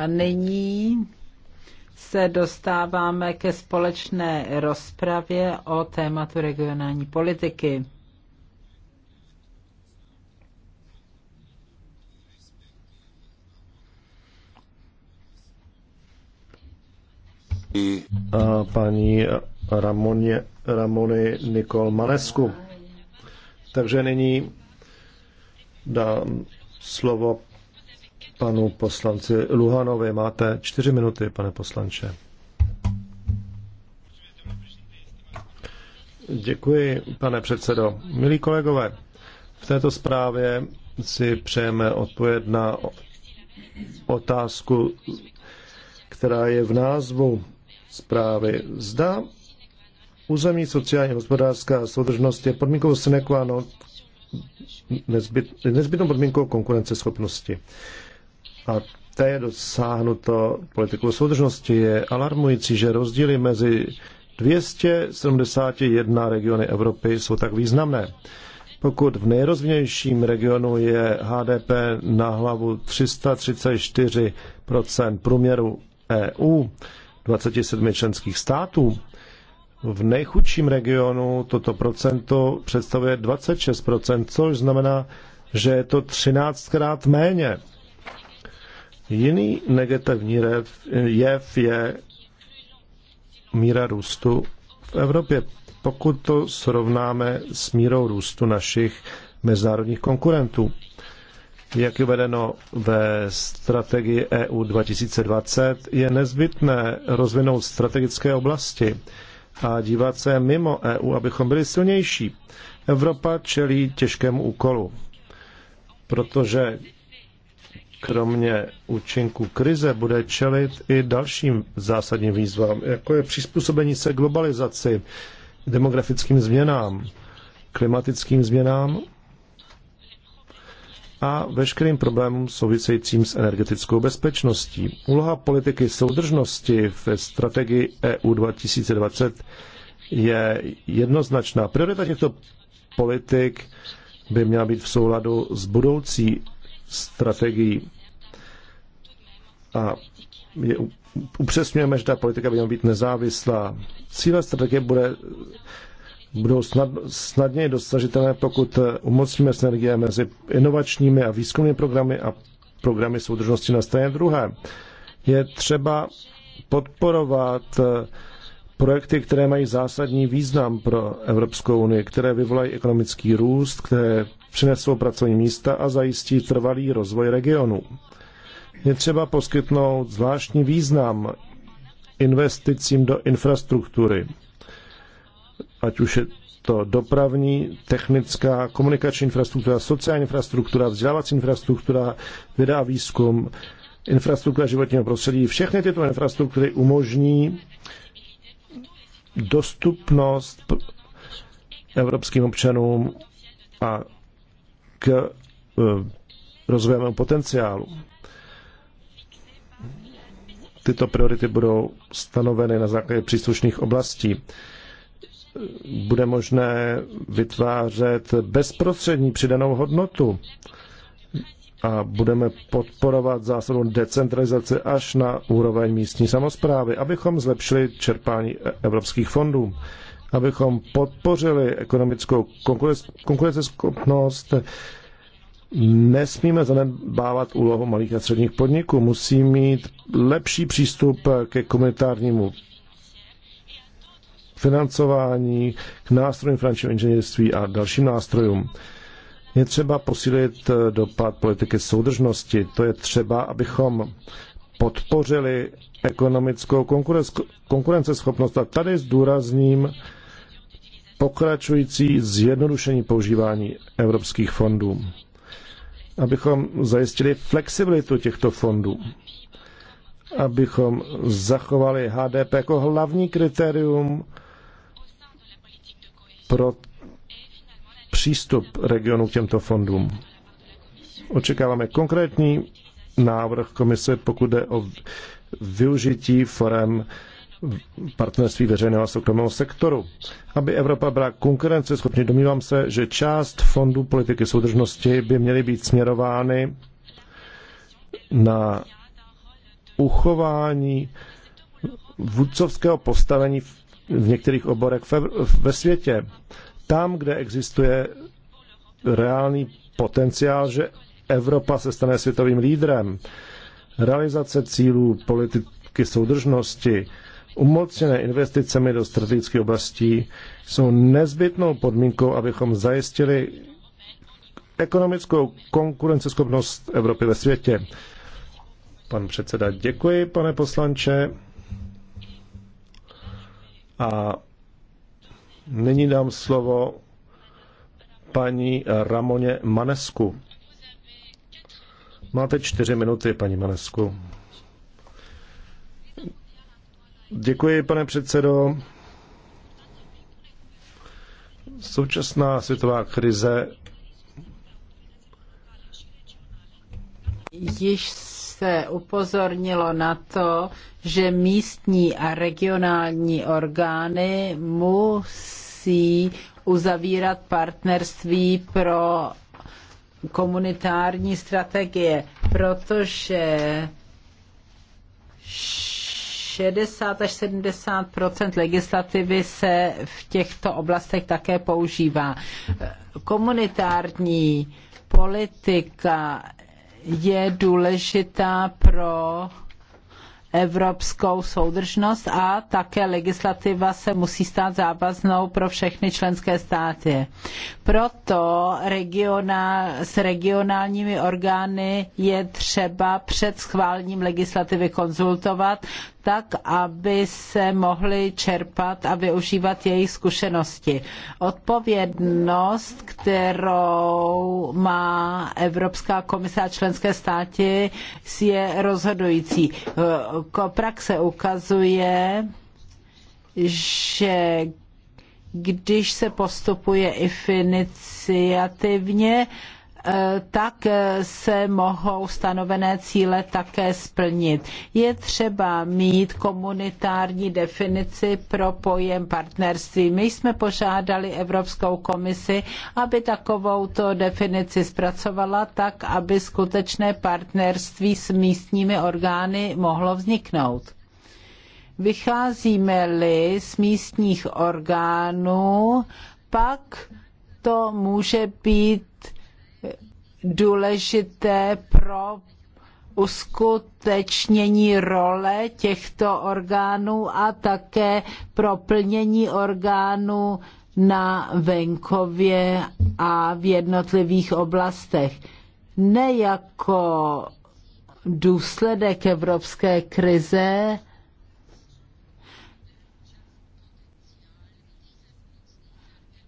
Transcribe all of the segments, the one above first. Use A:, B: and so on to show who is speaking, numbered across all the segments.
A: A nyní se dostáváme ke společné rozpravě o tématu regionální politiky.
B: A paní Ramoně, Ramony Nikol Malesku. Takže nyní dám slovo panu poslanci Luhanovi. Máte čtyři minuty, pane poslanče. Děkuji, pane předsedo. Milí kolegové, v této zprávě si přejeme odpověd na otázku, která je v názvu zprávy. Zda území sociální hospodářská soudržnost je podmínkou sine qua non nezbyt, nezbytnou podmínkou konkurenceschopnosti a té je dosáhnuto politikou soudržnosti. Je alarmující, že rozdíly mezi 271 regiony Evropy jsou tak významné. Pokud v nejrozvinějším regionu je HDP na hlavu 334 průměru EU 27 členských států, v nejchudším regionu toto procento představuje 26 což znamená, že je to 13krát méně Jiný negativní jev je míra růstu v Evropě. Pokud to srovnáme s mírou růstu našich mezinárodních konkurentů, jak je vedeno ve strategii EU 2020, je nezbytné rozvinout strategické oblasti a dívat se mimo EU, abychom byli silnější. Evropa čelí těžkému úkolu, protože kromě účinku krize bude čelit i dalším zásadním výzvám, jako je přizpůsobení se globalizaci, demografickým změnám, klimatickým změnám a veškerým problémům souvisejícím s energetickou bezpečností. Úloha politiky soudržnosti v strategii EU 2020 je jednoznačná. Priorita těchto politik by měla být v souladu s budoucí strategií a je, upřesňujeme, že ta politika by měla být nezávislá. Cíle strategie bude, budou snad, snadněji dosažitelné, pokud umocníme synergie mezi inovačními a výzkumnými programy a programy soudržnosti na straně druhé. Je třeba podporovat uh, projekty, které mají zásadní význam pro Evropskou unii, které vyvolají ekonomický růst, které přinesou pracovní místa a zajistí trvalý rozvoj regionu. Je třeba poskytnout zvláštní význam investicím do infrastruktury, ať už je to dopravní, technická, komunikační infrastruktura, sociální infrastruktura, vzdělávací infrastruktura, věda a výzkum, infrastruktura životního prostředí. Všechny tyto infrastruktury umožní dostupnost evropským občanům a k e, rozvojovému potenciálu. Tyto priority budou stanoveny na základě příslušných oblastí. Bude možné vytvářet bezprostřední přidanou hodnotu a budeme podporovat zásadu decentralizace až na úroveň místní samozprávy, abychom zlepšili čerpání evropských fondů, abychom podpořili ekonomickou konkurenceschopnost. Nesmíme zanedbávat úlohu malých a středních podniků. Musí mít lepší přístup ke komunitárnímu financování, k nástrojům finančního inženýrství a dalším nástrojům. Je třeba posílit eh, dopad politiky soudržnosti. To je třeba, abychom podpořili ekonomickou konkurenceschopnost. A tady zdůrazním pokračující zjednodušení používání evropských fondů, abychom zajistili flexibilitu těchto fondů, abychom zachovali HDP jako hlavní kritérium pro přístup regionu k těmto fondům. Očekáváme konkrétní návrh komise, pokud jde o využití forem partnerství veřejného a soukromého sektoru. Aby Evropa byla konkurenceschopná, domnívám se, že část fondů politiky soudržnosti by měly být směrovány na uchování vůdcovského postavení v některých oborech ve světě tam, kde existuje reálný potenciál, že Evropa se stane světovým lídrem. Realizace cílů politiky soudržnosti, umocněné investicemi do strategických oblastí, jsou nezbytnou podmínkou, abychom zajistili ekonomickou konkurenceschopnost Evropy ve světě. Pan předseda, děkuji, pane poslanče. A Nyní dám slovo paní Ramoně Manesku. Máte čtyři minuty, paní Manesku. Děkuji, pane předsedo. Současná světová krize již
A: se upozornilo na to, že místní a regionální orgány musí musí uzavírat partnerství pro komunitární strategie, protože 60 až 70 legislativy se v těchto oblastech také používá. Komunitární politika je důležitá pro evropskou soudržnost a také legislativa se musí stát závaznou pro všechny členské státy. Proto regionál, s regionálními orgány je třeba před schválením legislativy konzultovat, tak, aby se mohli čerpat a využívat jejich zkušenosti. Odpovědnost, kterou má Evropská komise a členské státy, je rozhodující. Praxe ukazuje, že když se postupuje iniciativně, Eh, tak eh, se mohou stanovené cíle také splnit. Je třeba mít komunitární definici pro pojem partnerství. My jsme požádali Evropskou komisi, aby takovouto definici zpracovala tak, aby skutečné partnerství s místními orgány mohlo vzniknout. Vycházíme-li z místních orgánů, pak to může být důležité pro uskutečnění role těchto orgánů a také pro plnění orgánů na venkově a v jednotlivých oblastech. Ne jako důsledek evropské krize,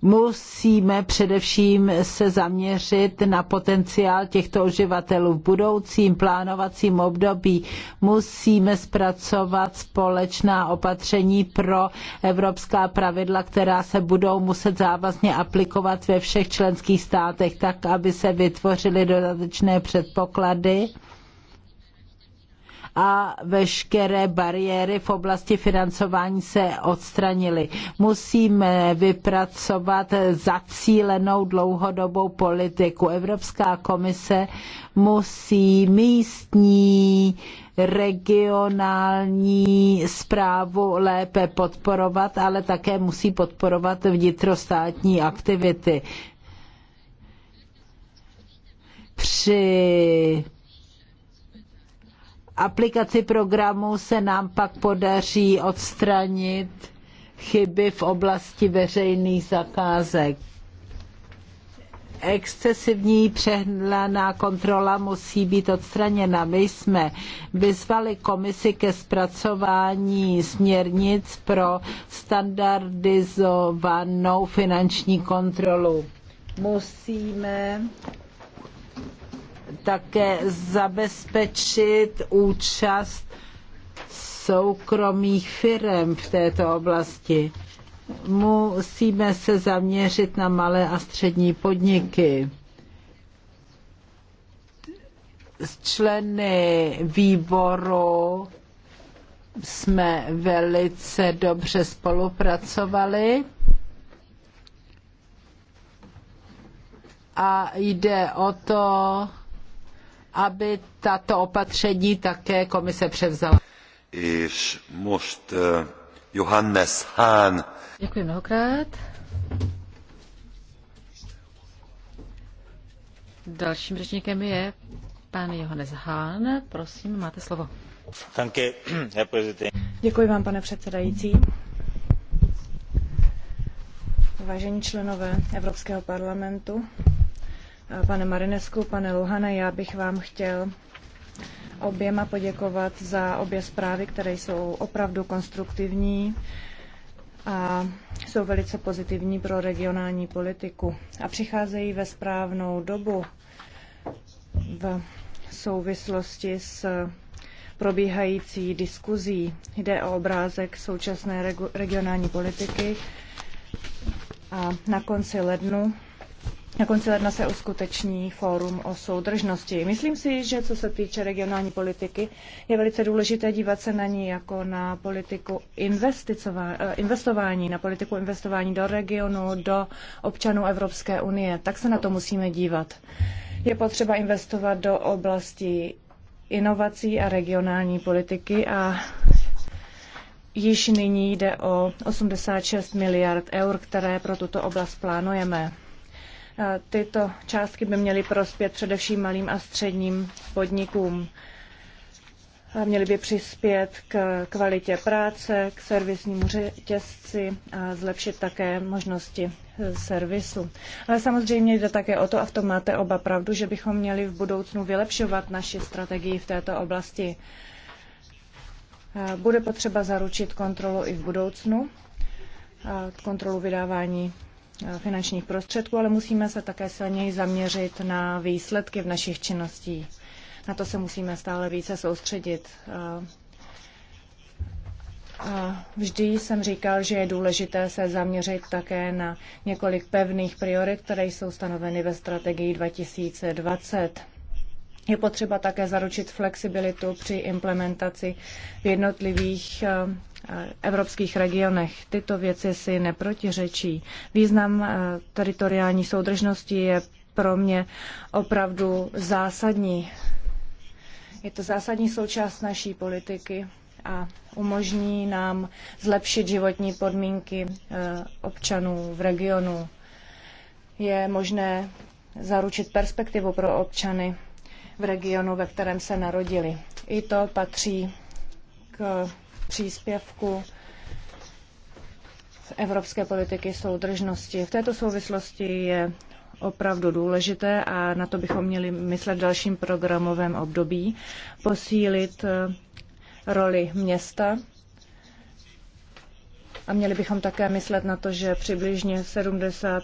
A: musíme především se zaměřit na potenciál těchto uživatelů. V budoucím plánovacím období musíme zpracovat společná opatření pro evropská pravidla, která se budou muset závazně aplikovat ve všech členských státech, tak aby se vytvořily dodatečné předpoklady a veškeré bariéry v oblasti financování se odstranily. Musíme vypracovat zacílenou dlouhodobou politiku. Evropská komise musí místní regionální správu lépe podporovat, ale také musí podporovat vnitrostátní aktivity. Při aplikaci programu se nám pak podaří odstranit chyby v oblasti veřejných zakázek. Excesivní přehnaná kontrola musí být odstraněna. My jsme vyzvali komisi ke zpracování směrnic pro standardizovanou finanční kontrolu. Musíme také zabezpečit účast soukromých firm v této oblasti. Musíme se zaměřit na malé a střední podniky. S členy výboru jsme velice dobře spolupracovali. a jde o to, aby tato opatření také komise převzala.
C: És most eh,
A: Johannes Hahn.
D: Děkuji mnohokrát. Dalším řečníkem je pan Johannes Hahn. Prosím, máte slovo. Děkuji vám, pane předsedající.
E: Vážení členové Evropského parlamentu, Pane Marinesku, pane Luhane, já bych vám chtěl oběma poděkovat za obě zprávy, které jsou opravdu konstruktivní a jsou velice pozitivní pro regionální politiku a přicházejí ve správnou dobu v souvislosti s probíhající diskuzí. Jde o obrázek současné regionální politiky a na konci lednu na konci ledna se uskuteční fórum o soudržnosti. Myslím si, že co se týče regionální politiky, je velice důležité dívat se na ní jako na politiku eh, investování, na politiku investování do regionu, do občanů Evropské unie. Tak se na to musíme dívat. Je potřeba investovat do oblasti inovací a regionální politiky a již nyní jde o 86 miliard eur, které pro tuto oblast plánujeme. Tyto částky by měly prospět především malým a středním podnikům. Měly by přispět k kvalitě práce, k servisnímu řetězci a zlepšit také možnosti servisu. Ale samozřejmě jde také o to, a v tom máte oba pravdu, že bychom měli v budoucnu vylepšovat naši strategii v této oblasti. Bude potřeba zaručit kontrolu i v budoucnu, kontrolu vydávání Eh, finančních prostředků, ale musíme se také silněji zaměřit na výsledky v našich činností. Na to se musíme stále více soustředit. A eh, eh, vždy jsem říkal, že je důležité se zaměřit také na několik pevných priorit, které jsou stanoveny ve strategii 2020. Je potřeba také zaručit flexibilitu při implementaci v jednotlivých eh, eh, evropských regionech. Tyto věci si neprotiřečí. Význam eh, teritoriální soudržnosti je pro mě opravdu zásadní. Je to zásadní součást naší politiky a umožní nám zlepšit životní podmínky občanů v regionu. Je možné zaručit perspektivu pro občany v regionu, ve kterém se narodili. I to patří k příspěvku evropské politiky soudržnosti. V této souvislosti je opravdu důležité a na to bychom měli myslet v dalším programovém období, posílit roli města a měli bychom také myslet na to, že přibližně 70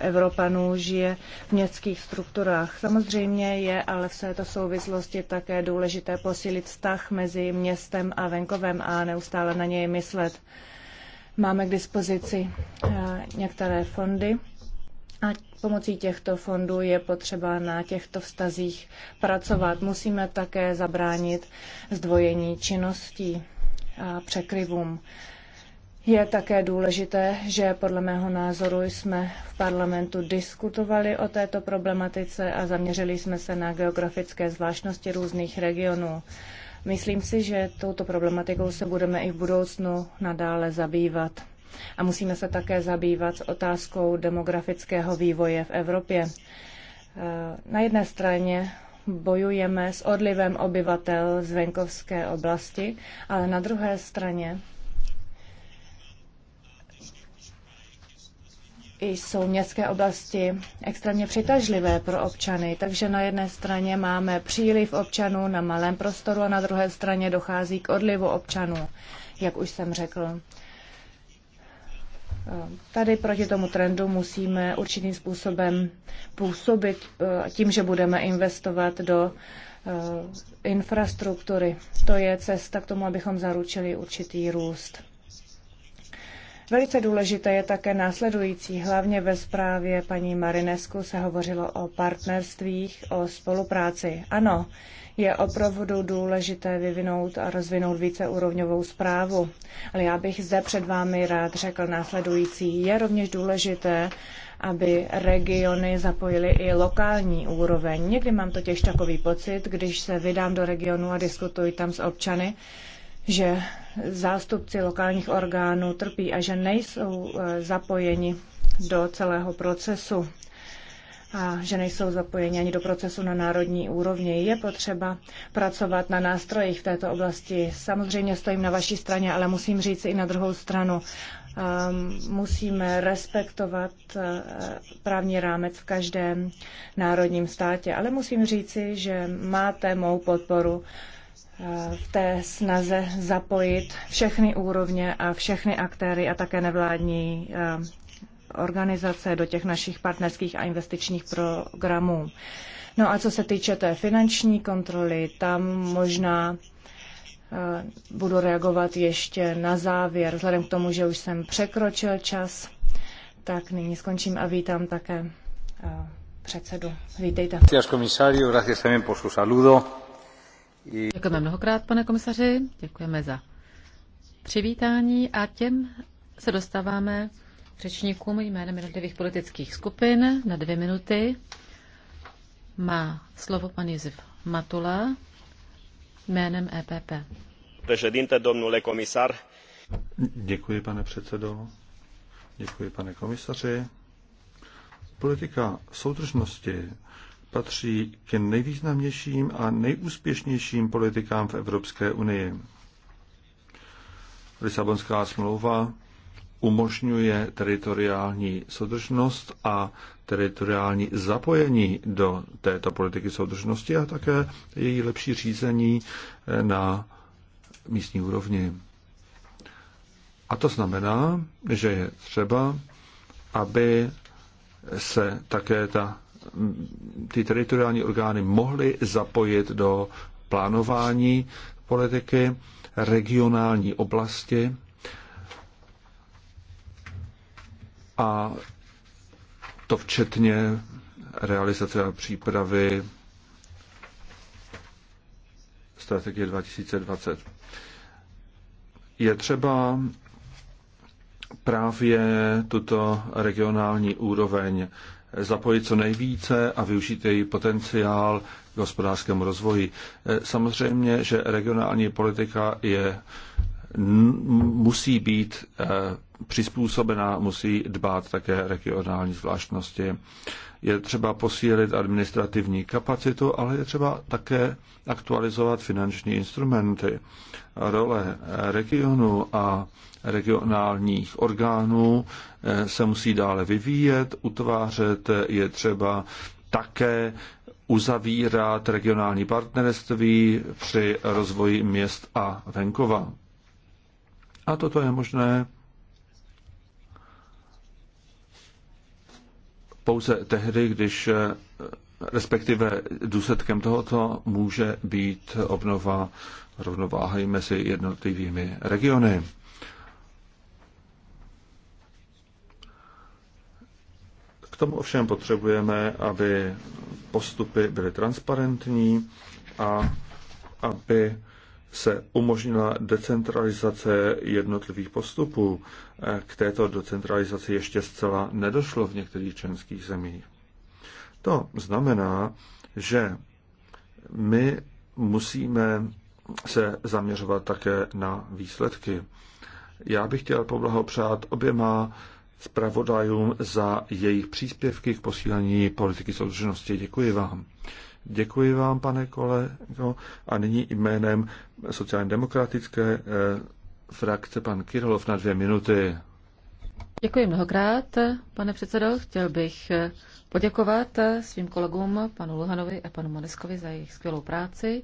E: Evropanů žije v městských strukturách. Samozřejmě je ale v této souvislosti také důležité posílit vztah mezi městem a venkovem a neustále na něj myslet. Máme k dispozici eh, některé fondy a pomocí těchto fondů je potřeba na těchto vztazích pracovat. Musíme také zabránit zdvojení činností a překryvům. Je také důležité, že podle mého názoru jsme v parlamentu diskutovali o této problematice a zaměřili jsme se na geografické zvláštnosti různých regionů. Myslím si, že touto problematikou se budeme i v budoucnu nadále zabývat. A musíme se také zabývat s otázkou demografického vývoje v Evropě. E, na jedné straně bojujeme s odlivem obyvatel z venkovské oblasti, ale na druhé straně jsou městské oblasti extrémně přitažlivé pro občany, takže na jedné straně máme příliv občanů na malém prostoru a na druhé straně dochází k odlivu občanů, jak už jsem řekl. Tady proti tomu trendu musíme určitým způsobem působit eh, tím, že budeme investovat do eh, infrastruktury. To je cesta k tomu, abychom zaručili určitý růst. Velice důležité je také následující. Hlavně ve zprávě paní Marinesku se hovořilo o partnerstvích, o spolupráci. Ano, je opravdu důležité vyvinout a rozvinout víceúrovňovou zprávu. Ale já bych zde před vámi rád řekl následující. Je rovněž důležité, aby regiony zapojily i lokální úroveň. Někdy mám totiž takový pocit, když se vydám do regionu a diskutuji tam s občany, že zástupci lokálních orgánů trpí a že nejsou eh, zapojeni do celého procesu a že nejsou zapojeni ani do procesu na národní úrovni. Je potřeba pracovat na nástrojích v této oblasti. Samozřejmě stojím na vaší straně, ale musím říct i na druhou stranu. Ehm, musíme respektovat eh, právní rámec v každém národním státě, ale musím říci, že máte mou podporu v té snaze zapojit všechny úrovně a všechny aktéry a také nevládní eh, organizace do těch našich partnerských a investičních programů. No a co se týče té finanční kontroly, tam možná eh, budu reagovat ještě na závěr, vzhledem k tomu, že už jsem překročil čas, tak nyní skončím a vítám také
C: eh,
D: předsedu. Vítejte.
C: Gracias, gracias también por su saludo.
D: Děkujeme mnohokrát, pane komisaři, děkujeme za přivítání a těm se dostáváme k řečníkům jménem jednotlivých politických skupin na dvě minuty. Má slovo pan Josef Matula jménem EPP.
B: Președinte, domnule komisar. Děkuji,
C: pane předsedo. Děkuji, pane komisaři. Politika soudržnosti patří k nejvýznamnějším a nejúspěšnějším politikám v Evropské unii. Lisabonská smlouva umožňuje teritoriální soudržnost a teritoriální zapojení do této politiky soudržnosti a také její lepší řízení eh, na místní úrovni. A to znamená, že je třeba, aby se také ta ty teritoriální orgány mohly zapojit do plánování politiky regionální oblasti a to včetně realizace a přípravy strategie 2020. Je třeba právě tuto regionální úroveň zapojit co nejvíce a využít její potenciál k hospodářskému rozvoji. Eh, samozřejmě, že regionální politika je, musí být eh, přizpůsobená, musí dbát také regionální zvláštnosti. Je třeba posílit administrativní kapacitu, ale je třeba také aktualizovat finanční instrumenty. Role regionu a regionálních orgánů eh, se musí dále vyvíjet, utvářet, je třeba také uzavírat regionální partnerství při rozvoji měst a venkova. A toto je možné pouze tehdy, když eh, respektive důsledkem tohoto může být obnova rovnováhy mezi jednotlivými regiony. K tomu ovšem potřebujeme, aby postupy byly transparentní a aby se umožnila decentralizace jednotlivých postupů. K této decentralizaci ještě zcela nedošlo v některých členských zemích. To znamená, že my musíme se zaměřovat také na výsledky. Já bych chtěl poblahopřát oběma zpravodajům za jejich příspěvky k posílení politiky soudržnosti. Děkuji vám. Děkuji vám, pane kolego. A nyní jménem sociálně demokratické eh, frakce pan Kirlov na dvě minuty.
D: Děkuji mnohokrát, pane předsedo. Chtěl bych eh, poděkovat eh, svým kolegům, panu Luhanovi a panu Moneskovi za jejich skvělou práci.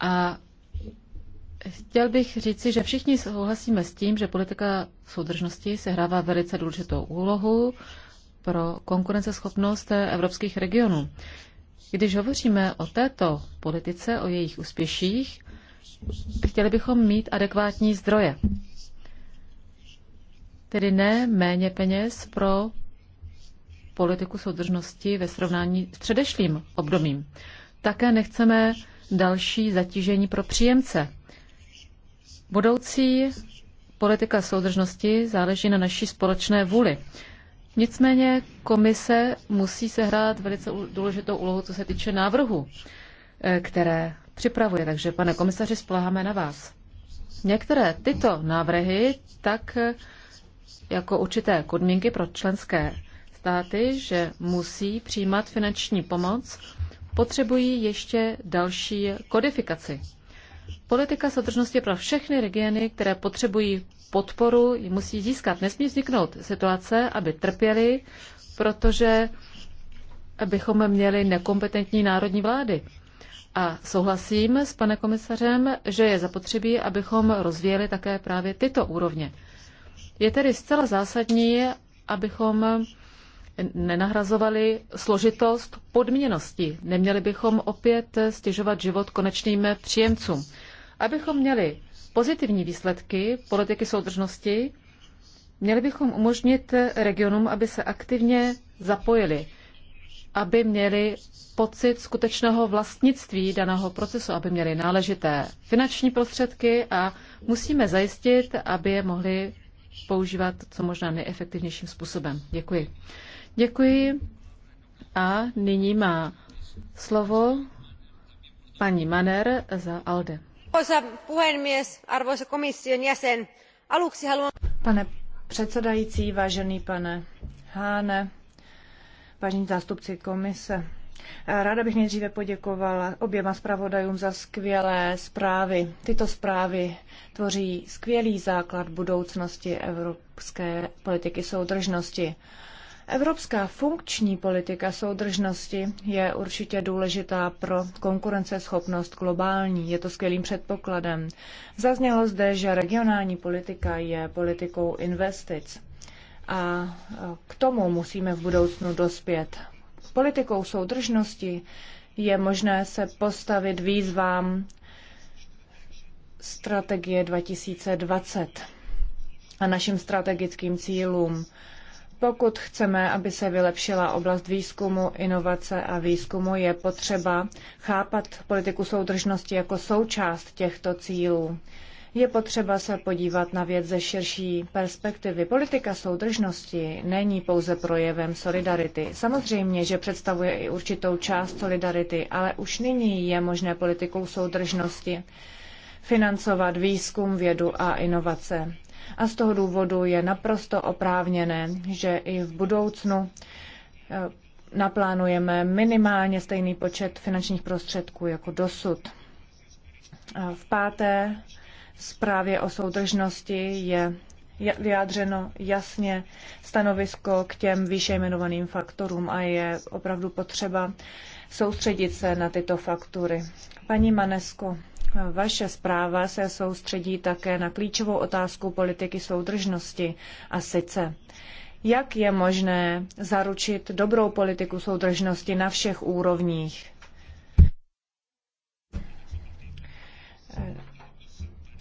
D: A chtěl bych říci, že všichni souhlasíme s tím, že politika soudržnosti sehrává velice důležitou úlohu pro konkurenceschopnost evropských regionů. Když hovoříme o této politice, o jejich úspěších, chtěli bychom mít adekvátní zdroje. Tedy ne méně peněz pro politiku soudržnosti ve srovnání s předešlým obdobím. Také nechceme další zatížení pro příjemce. Budoucí politika soudržnosti záleží na naší společné vůli. Nicméně komise musí sehrát velice důležitou úlohu, co se týče návrhu, eh, které připravuje. Takže, pane komisaři, spoláháme na vás. Některé tyto návrhy, tak eh, jako určité podmínky pro členské státy, že musí přijímat finanční pomoc, potřebují ještě další kodifikaci. Politika soudržnosti pro všechny regiony, které potřebují podporu musí získat. Nesmí vzniknout situace, aby trpěli, protože bychom měli nekompetentní národní vlády. A souhlasím s pane komisařem, že je zapotřebí, abychom rozvíjeli také právě tyto úrovně. Je tedy zcela zásadní, abychom nenahrazovali složitost podměnosti. Neměli bychom opět stěžovat život konečným příjemcům. Abychom měli pozitivní výsledky politiky soudržnosti, měli bychom umožnit regionům, aby se aktivně zapojili, aby měli pocit skutečného vlastnictví daného procesu, aby měli náležité finanční prostředky a musíme zajistit, aby je mohli používat co možná nejefektivnějším způsobem. Děkuji. Děkuji. A nyní má slovo paní Maner za Aldem
E: arvoisa puhemies arvoisa komission jäsen aluksi haluan. pane předsedající vážený pane hahne vážení zástupci komise ráda bych nejdříve poděkovala oběma zpravodajům za skvělé zprávy. tyto zprávy tvoří skvělý základ budoucnosti evropské politiky soudržnosti. Evropská funkční politika soudržnosti je určitě důležitá pro konkurenceschopnost globální. Je to skvělým předpokladem. Zaznělo zde, že regionální politika je politikou investic. A k tomu musíme v budoucnu dospět. Politikou soudržnosti je možné se postavit výzvám strategie 2020 a našim strategickým cílům. Pokud chceme, aby se vylepšila oblast výzkumu, inovace a výzkumu, je potřeba chápat politiku soudržnosti jako součást těchto cílů. Je potřeba se podívat na věc ze širší perspektivy. Politika soudržnosti není pouze projevem solidarity. Samozřejmě, že představuje i určitou část solidarity, ale už nyní je možné politikou soudržnosti financovat výzkum, vědu a inovace a z toho důvodu je naprosto oprávněné, že i v budoucnu eh, naplánujeme minimálně stejný počet finančních prostředků jako dosud. V páté zprávě o soudržnosti je vyjádřeno jasně stanovisko k těm výše jmenovaným faktorům a je opravdu potřeba soustředit se na tyto faktory. Paní Manesko, vaše zpráva se soustředí také na klíčovou otázku politiky soudržnosti a sice jak je možné zaručit dobrou politiku soudržnosti na všech úrovních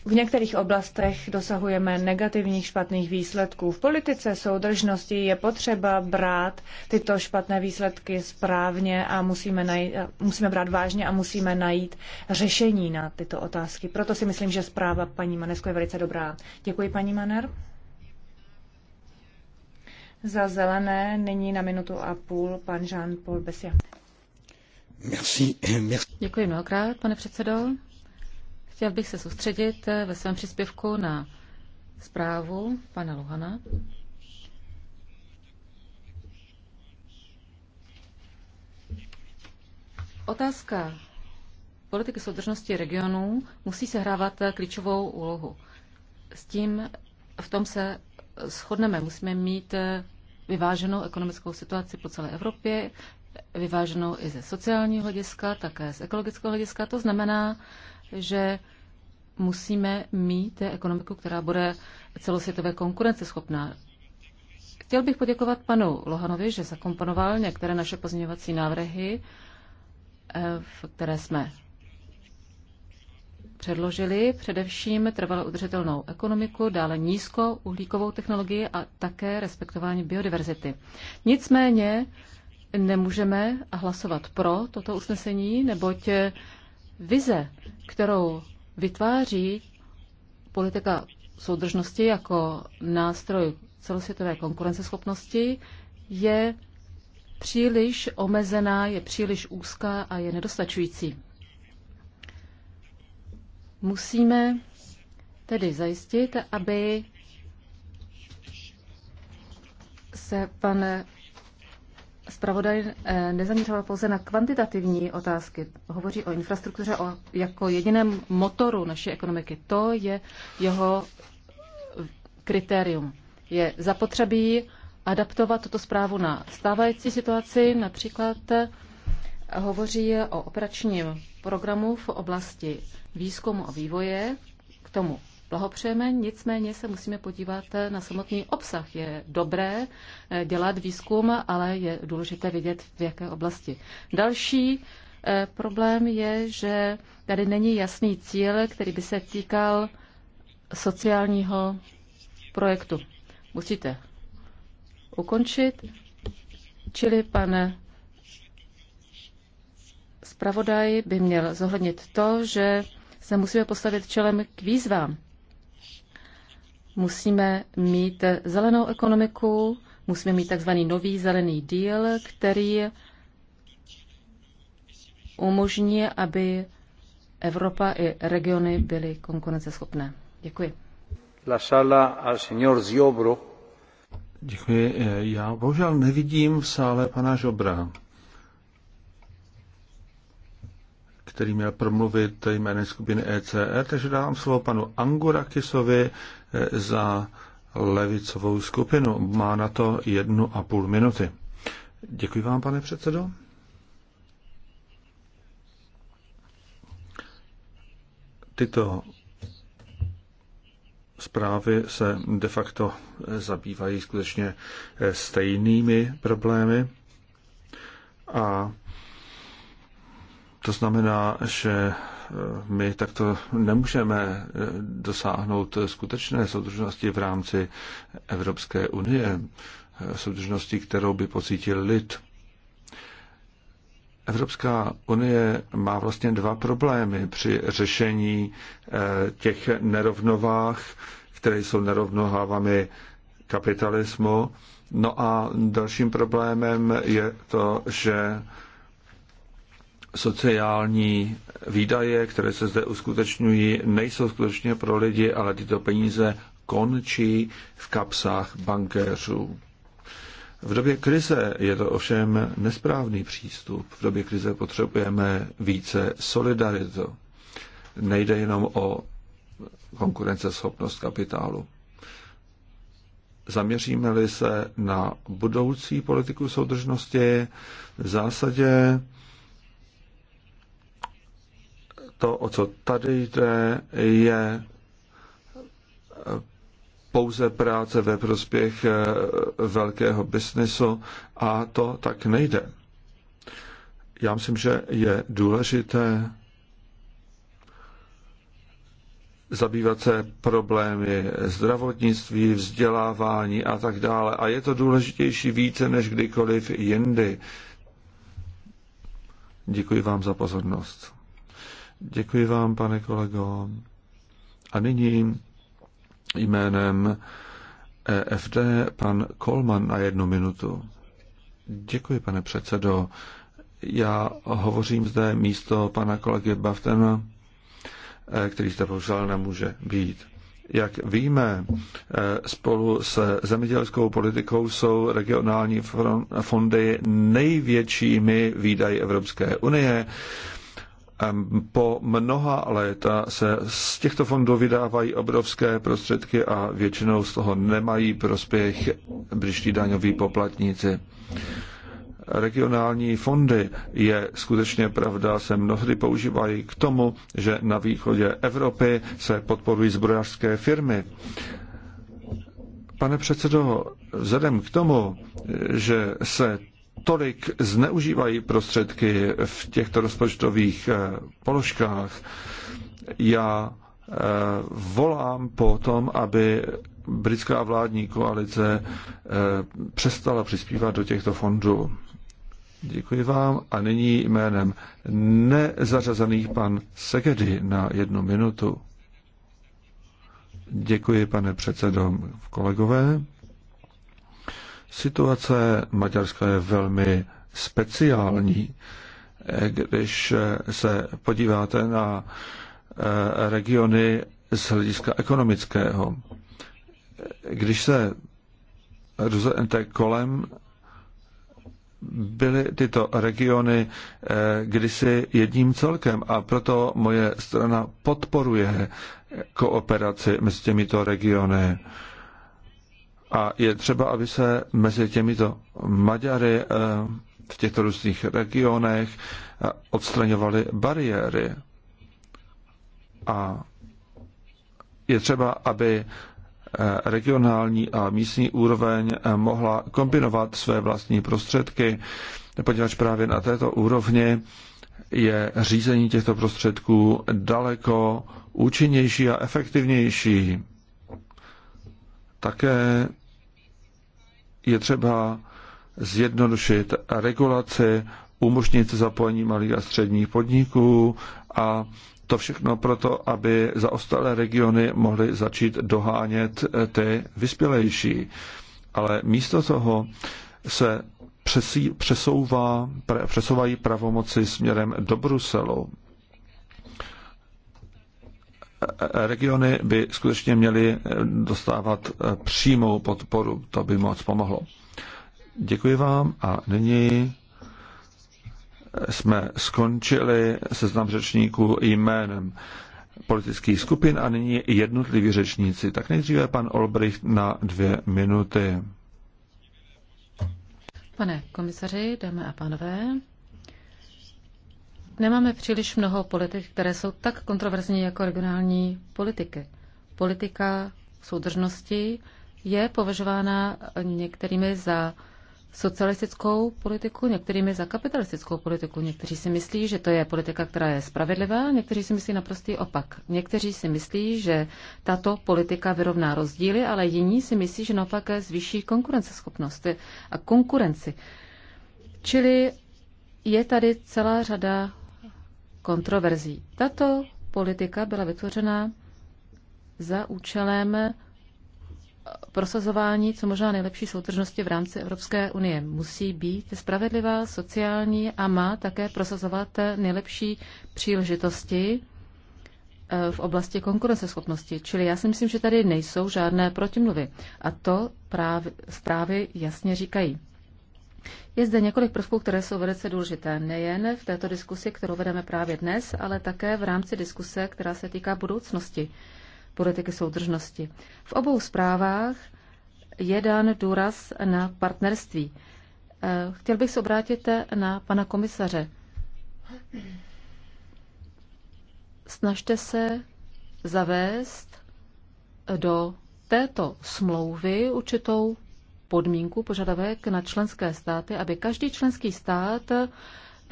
E: v některých oblastech dosahujeme negativních špatných výsledků. V politice soudržnosti je potřeba brát tyto špatné výsledky správně a musíme, najít, musíme brát vážně a musíme najít řešení na tyto otázky. Proto si myslím, že zpráva paní Manesko je velice dobrá. Děkuji, paní Maner. Za zelené nyní na minutu a půl pan
D: Jean-Paul Bessia. Děkuji mnohokrát, pane předsedo. Chtěl bych se soustředit eh, ve svém příspěvku na zprávu pana Luhana. Otázka politiky soudržnosti regionů musí sehrávat eh, klíčovou úlohu. S tím v tom se shodneme. Musíme mít eh, vyváženou ekonomickou situaci po celé Evropě, vyváženou i ze sociálního hlediska, také z ekologického hlediska. To znamená, že musíme mít ekonomiku, která bude celosvětové konkurenceschopná. Chtěl bych poděkovat panu Lohanovi, že zakomponoval některé naše pozměňovací návrhy, eh, které jsme předložili, především trvalo udržitelnou ekonomiku, dále nízkou uhlíkovou technologii a také respektování biodiverzity. Nicméně nemůžeme hlasovat pro toto usnesení, neboť vize, kterou vytváří politika soudržnosti jako nástroj celosvětové konkurenceschopnosti, je příliš omezená, je příliš úzká a je nedostačující. Musíme tedy zajistit, aby se pan zpravodaj eh, nezaměřoval pouze na kvantitativní otázky. Hovoří o infrastruktuře o, jako jediném motoru naší ekonomiky. To je jeho kritérium. Je zapotřebí adaptovat tuto zprávu na stávající situaci. Například eh, hovoří o operačním programu v oblasti výzkumu a vývoje. K tomu blahopřejeme, nicméně se musíme podívat na samotný obsah. Je dobré eh, dělat výzkum, ale je důležité vědět, v jaké oblasti. Další eh, problém je, že tady není jasný cíl, který by se týkal sociálního projektu. Musíte ukončit. Čili pan zpravodaj by měl zohlednit to, že se musíme postavit čelem k výzvám. Musíme mít zelenou ekonomiku, musíme mít takzvaný nový zelený díl, který umožní, aby Evropa i regiony byly konkurenceschopné. Děkuji.
C: La sala al señor Ziobro. Děkuji. Já bohužel nevidím v sále pana Žobra, který měl promluvit jménem skupiny ECR, takže dávám slovo panu Angurakisovi, za levicovou skupinu. Má na to jednu a půl minuty. Děkuji vám, pane předsedo. Tyto zprávy se de facto zabývají skutečně stejnými problémy a to znamená, že my takto nemůžeme eh, dosáhnout eh, skutečné soudržnosti v rámci Evropské unie, eh, soudržnosti, kterou by pocítil lid. Evropská unie má vlastně dva problémy při řešení těch nerovnovách, které jsou nerovnohávami kapitalismu. No a dalším problémem je to, že sociální výdaje, které se zde uskutečňují, nejsou skutečně pro lidi, ale tyto peníze končí v kapsách bankéřů. V době krize je to ovšem nesprávný přístup. V době krize potřebujeme více solidaritu. Nejde jenom o konkurenceschopnost kapitálu. Zaměříme-li se na budoucí politiku soudržnosti, v zásadě to, o co tady jde, je pouze práce ve prospěch eh, velkého biznesu a to tak nejde. Já myslím, že je důležité zabývat se problémy zdravotnictví, vzdělávání a tak dále. A je to důležitější více než kdykoliv jindy. Děkuji vám za pozornost. Děkuji vám, pane kolego. A nyní jménem EFD pan Kolman na jednu minutu. Děkuji, pane předsedo. Já hovořím zde místo pana kolegy Baftena, e, který zde bohužel nemůže být. Jak víme, e, spolu se zemědělskou politikou jsou regionální fondy největšími výdaji Evropské unie po mnoha léta se z těchto fondů vydávají obrovské prostředky a většinou z toho nemají prospěch britští daňoví poplatníci. Regionální fondy je skutečně pravda, se mnohdy používají k tomu, že na východě Evropy se podporují zbrojařské firmy. Pane předsedo, vzhledem k tomu, že se tolik zneužívají prostředky v těchto rozpočtových eh, položkách, já eh, volám po tom, aby britská vládní koalice eh, přestala přispívat do těchto fondů. Děkuji vám a nyní jménem nezařazených pan Segedy na jednu minutu. Děkuji, pane předsedo, kolegové. Situace Maďarska je velmi speciální. Když se podíváte na eh, regiony z hlediska ekonomického, když se rozhodnete kolem, byly tyto regiony eh, kdysi jedním celkem a proto moje strana podporuje kooperaci mezi těmito regiony. A je třeba, aby se mezi těmito Maďary eh, v těchto různých regionech eh, odstraňovaly bariéry. A je třeba, aby eh, regionální a místní úroveň mohla kombinovat své vlastní prostředky, poněvadž právě na této úrovni je řízení těchto prostředků daleko účinnější a efektivnější. Také je třeba zjednodušit regulaci, umožnit zapojení malých a středních podniků a to všechno proto, aby zaostalé regiony mohly začít dohánět eh, ty vyspělejší. Ale místo toho se přesouvá, přesouvají pravomoci směrem do Bruselu regiony by skutečně měly dostávat eh, přímou podporu. To by moc pomohlo. Děkuji vám a nyní eh, jsme skončili seznam řečníků jménem politických skupin a nyní jednotliví řečníci. Tak nejdříve pan Olbricht na dvě minuty.
D: Pane komisaři, dámy a pánové, Nemáme příliš mnoho politik, které jsou tak kontroverzní jako regionální politiky. Politika soudržnosti je považována některými za socialistickou politiku, některými za kapitalistickou politiku. Někteří si myslí, že to je politika, která je spravedlivá, někteří si myslí naprostý opak. Někteří si myslí, že tato politika vyrovná rozdíly, ale jiní si myslí, že naopak zvýší konkurenceschopnost a konkurenci. Čili je tady celá řada kontroverzí. Tato politika byla vytvořena za účelem prosazování co možná nejlepší soudržnosti v rámci Evropské unie. Musí být spravedlivá, sociální a má také prosazovat nejlepší příležitosti eh, v oblasti konkurenceschopnosti. Čili já si myslím, že tady nejsou žádné protimluvy. A to právě, zprávy jasně říkají. Je zde několik prvků, které jsou velice důležité nejen v této diskusi, kterou vedeme právě dnes, ale také v rámci diskuse, která se týká budoucnosti politiky soudržnosti. V obou zprávách je dán důraz na partnerství. Eh, chtěl bych se obrátit na pana komisaře. Snažte se zavést do této smlouvy určitou podmínku, požadavek na členské státy, aby každý členský stát eh,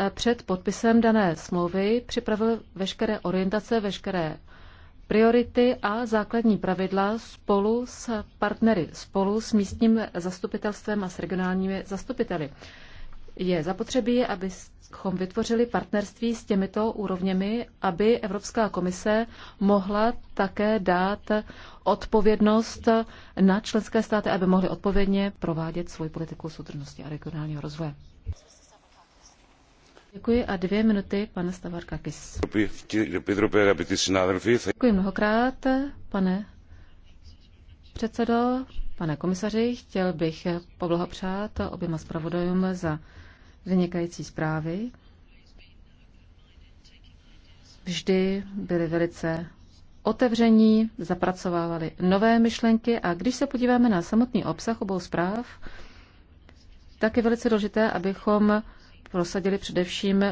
D: před podpisem dané smlouvy připravil veškeré orientace, veškeré priority a základní pravidla spolu s partnery, spolu s místním zastupitelstvem a s regionálními zastupiteli je zapotřebí, abychom vytvořili partnerství s těmito úrovněmi, aby Evropská komise mohla také dát odpovědnost na členské státy, aby mohly odpovědně provádět svoji politiku soudržnosti a regionálního rozvoje. Děkuji a dvě minuty, pane Stavarkakis. Děkuji mnohokrát, pane předsedo, Pane komisaři, chtěl bych poblahopřát oběma zpravodajům za vynikající zprávy. Vždy byli velice otevření, zapracovávali nové myšlenky a když se podíváme na samotný obsah obou zpráv, tak je velice důležité, abychom prosadili především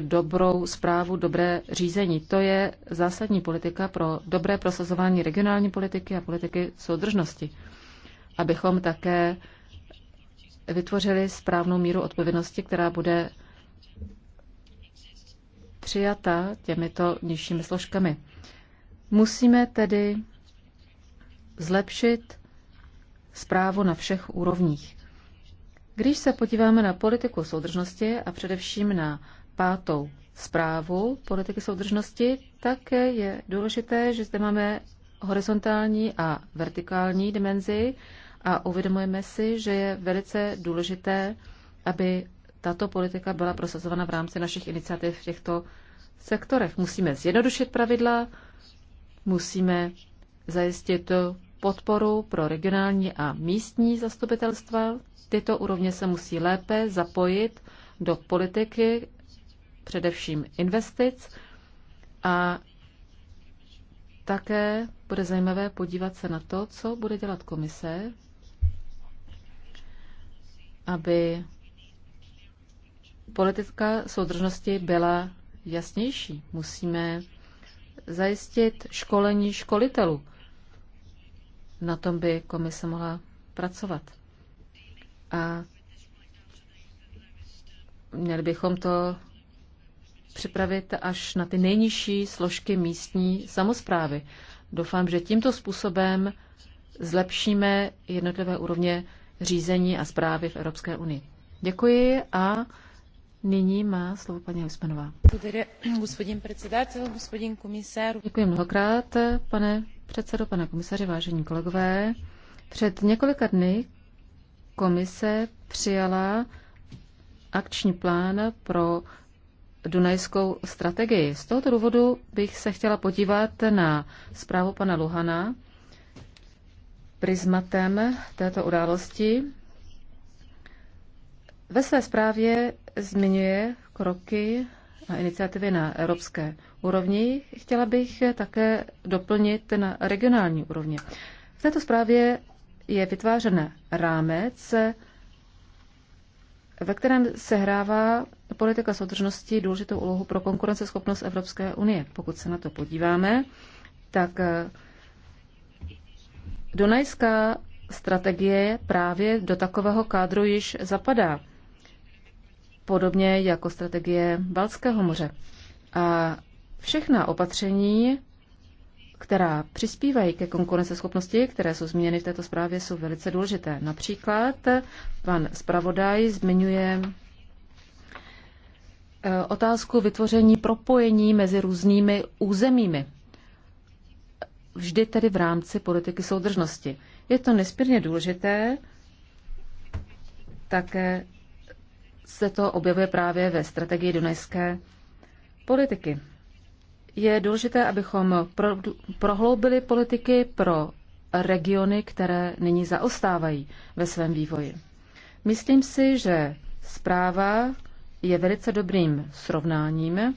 D: dobrou zprávu, dobré řízení. To je zásadní politika pro dobré prosazování regionální politiky a politiky soudržnosti abychom také vytvořili správnou míru odpovědnosti, která bude přijata těmito nižšími složkami. Musíme tedy zlepšit zprávu na všech úrovních. Když se podíváme na politiku soudržnosti a především na pátou zprávu politiky soudržnosti, tak je důležité, že zde máme horizontální a vertikální dimenzi, a uvědomujeme si, že je velice důležité, aby tato politika byla prosazována v rámci našich iniciativ v těchto sektorech. Musíme zjednodušit pravidla, musíme zajistit podporu pro regionální a místní zastupitelstva. Tyto úrovně se musí lépe zapojit do politiky, především investic a také bude zajímavé podívat se na to, co bude dělat komise aby politika soudržnosti byla jasnější. Musíme zajistit školení školitelů. Na tom by komise mohla pracovat. A měli bychom to připravit až na ty nejnižší složky místní samozprávy. Doufám, že tímto způsobem zlepšíme jednotlivé úrovně řízení a zprávy v Evropské unii. Děkuji a nyní má slovo paní Husmanová. Děkuji mnohokrát, pane předsedo, pane komisaři, vážení kolegové. Před několika dny komise přijala akční plán pro Dunajskou strategii. Z tohoto důvodu bych se chtěla podívat na zprávu pana Luhana, prismatem této události. Ve své zprávě zmiňuje kroky a iniciativy na evropské úrovni. Chtěla bych také doplnit na regionální úrovni. V této zprávě je vytvářen rámec, ve kterém se hrává politika soudržnosti důležitou úlohu pro konkurenceschopnost Evropské unie. Pokud se na to podíváme, tak Dunajská strategie právě do takového kádru již zapadá, podobně jako strategie Balckého moře. A všechna opatření, která přispívají ke konkurenceschopnosti, které jsou zmíněny v této zprávě, jsou velice důležité. Například pan zpravodaj zmiňuje eh, otázku vytvoření propojení mezi různými územími vždy tedy v rámci politiky soudržnosti. Je to nesmírně důležité, také se to objevuje právě ve strategii dunajské politiky. Je důležité, abychom pro, prohloubili politiky pro regiony, které nyní zaostávají ve svém vývoji. Myslím si, že zpráva je velice dobrým srovnáním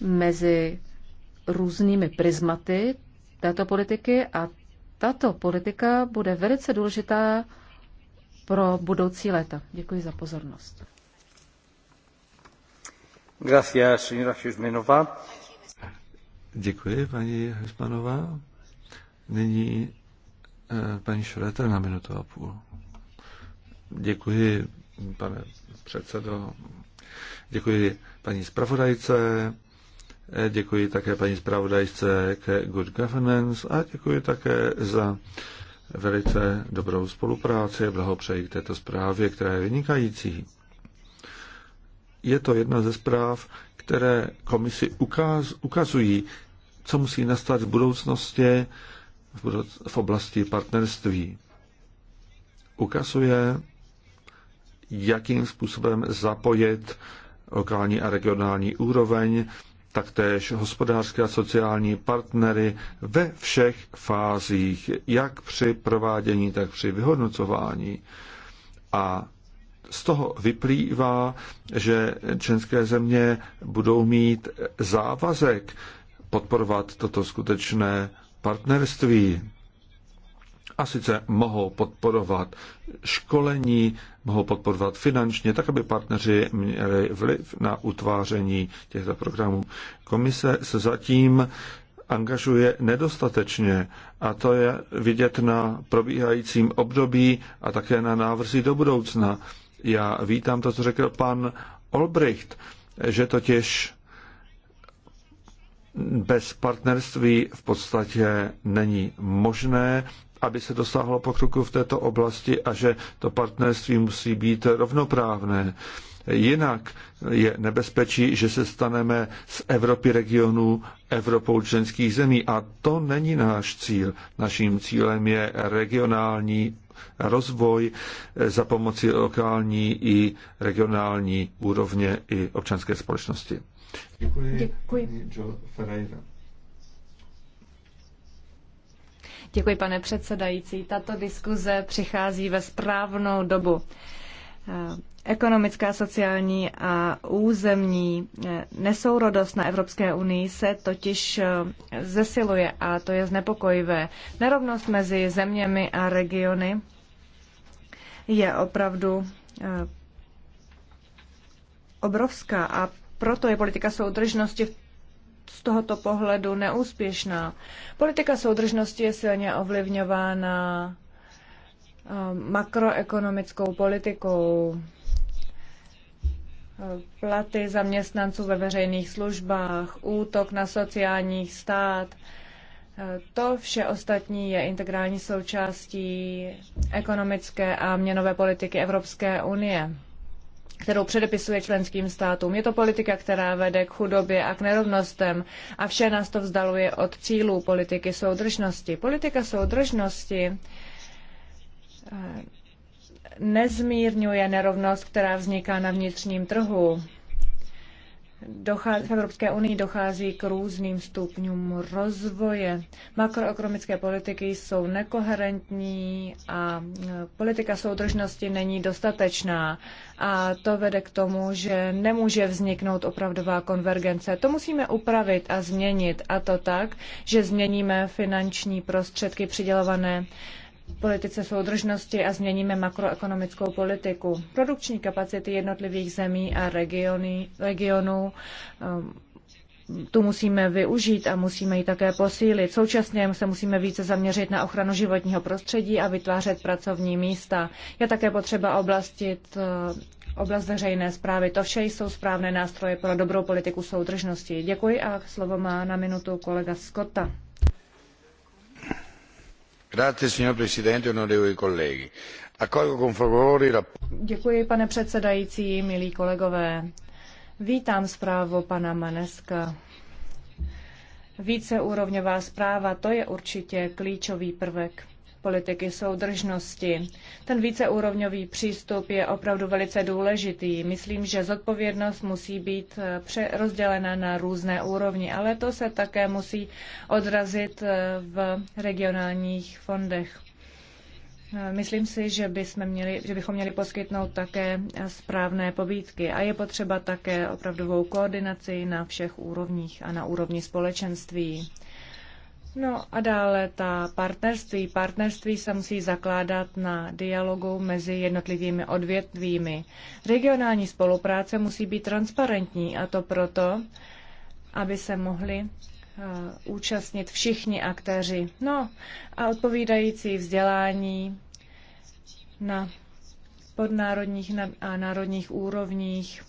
D: mezi různými prismaty této politiky a tato politika bude velice důležitá pro budoucí léta. Děkuji za pozornost.
C: Děkuji, paní Husmanová. Nyní eh, paní Šreter na minutu a půl. Děkuji, pane předsedo. Děkuji paní zpravodajce, Eh, děkuji také paní zpravodajce k Good Governance a děkuji také za velice dobrou spolupráci a blahopřeji k této zprávě, která je vynikající. Je to jedna ze zpráv, které komisi ukaz, ukazují, co musí nastat v budoucnosti v, budouc- v oblasti partnerství. Ukazuje, jakým způsobem zapojit lokální a regionální úroveň taktéž hospodářské a sociální partnery ve všech fázích, jak při provádění, tak při vyhodnocování. A z toho vyplývá, že členské země budou mít závazek podporovat toto skutečné partnerství. A sice mohou podporovat školení, mohou podporovat finančně, tak aby partneři měli vliv na utváření těchto programů. Komise se zatím angažuje nedostatečně a to je vidět na probíhajícím období a také na návrzí do budoucna. Já vítám to, co řekl pan Olbricht, že totiž bez partnerství v podstatě není možné aby se dosáhlo pokroku v této oblasti a že to partnerství musí být rovnoprávné. Jinak je nebezpečí, že se staneme z Evropy regionů Evropou členských zemí a to není náš cíl. Naším cílem je regionální rozvoj za pomoci lokální i regionální úrovně i občanské společnosti. Děkuji. Děkuji.
E: Děkuji, pane předsedající. Tato diskuze přichází ve správnou dobu. Eh, ekonomická, sociální a územní eh, nesourodost na Evropské unii se totiž eh, zesiluje a to je znepokojivé. Nerovnost mezi zeměmi a regiony je opravdu obrovská a proto je politika soudržnosti v z tohoto pohledu neúspěšná. Politika soudržnosti je silně ovlivňována eh, makroekonomickou politikou, eh, platy zaměstnanců ve veřejných službách, útok na sociální stát. Eh, to vše ostatní je integrální součástí ekonomické a měnové politiky Evropské unie kterou předepisuje členským státům. Je to politika, která vede k chudobě a k nerovnostem a vše nás to vzdaluje od cílů politiky soudržnosti. Politika soudržnosti eh, nezmírňuje nerovnost, která vzniká na vnitřním trhu dochází, v Evropské unii dochází k různým stupňům rozvoje. Makroekonomické politiky jsou nekoherentní a e, politika soudržnosti není dostatečná. A to vede k tomu, že nemůže vzniknout opravdová konvergence. To musíme upravit a změnit. A to tak, že změníme finanční prostředky přidělované politice soudržnosti a změníme makroekonomickou politiku. Produkční kapacity jednotlivých zemí a regiony, regionů um, tu musíme využít a musíme ji také posílit. Současně se musíme více zaměřit na ochranu životního prostředí a vytvářet pracovní místa. Je také potřeba oblastit uh, oblast veřejné zprávy. To vše jsou správné nástroje pro dobrou politiku soudržnosti. Děkuji a slovo má na minutu kolega Skota
C: signor presidente onorevoli colleghi
E: Děkuji, pane předsedající, milí kolegové. Vítám zprávu pana Maneska. Víceúrovňová zpráva, to je určitě klíčový prvek politiky soudržnosti. Ten víceúrovňový přístup je opravdu velice důležitý. Myslím, že zodpovědnost musí být eh, rozdělena na různé úrovni, ale to se také musí odrazit eh, v regionálních fondech. Eh, myslím si, že, měli, že bychom měli poskytnout také správné pobídky a je potřeba také opravdovou koordinaci na všech úrovních a na úrovni společenství. No a dále ta partnerství. Partnerství se musí zakládat na dialogu mezi jednotlivými odvětvími. Regionální spolupráce musí být transparentní a to proto, aby se mohli uh, účastnit všichni aktéři. No a odpovídající vzdělání na podnárodních a národních úrovních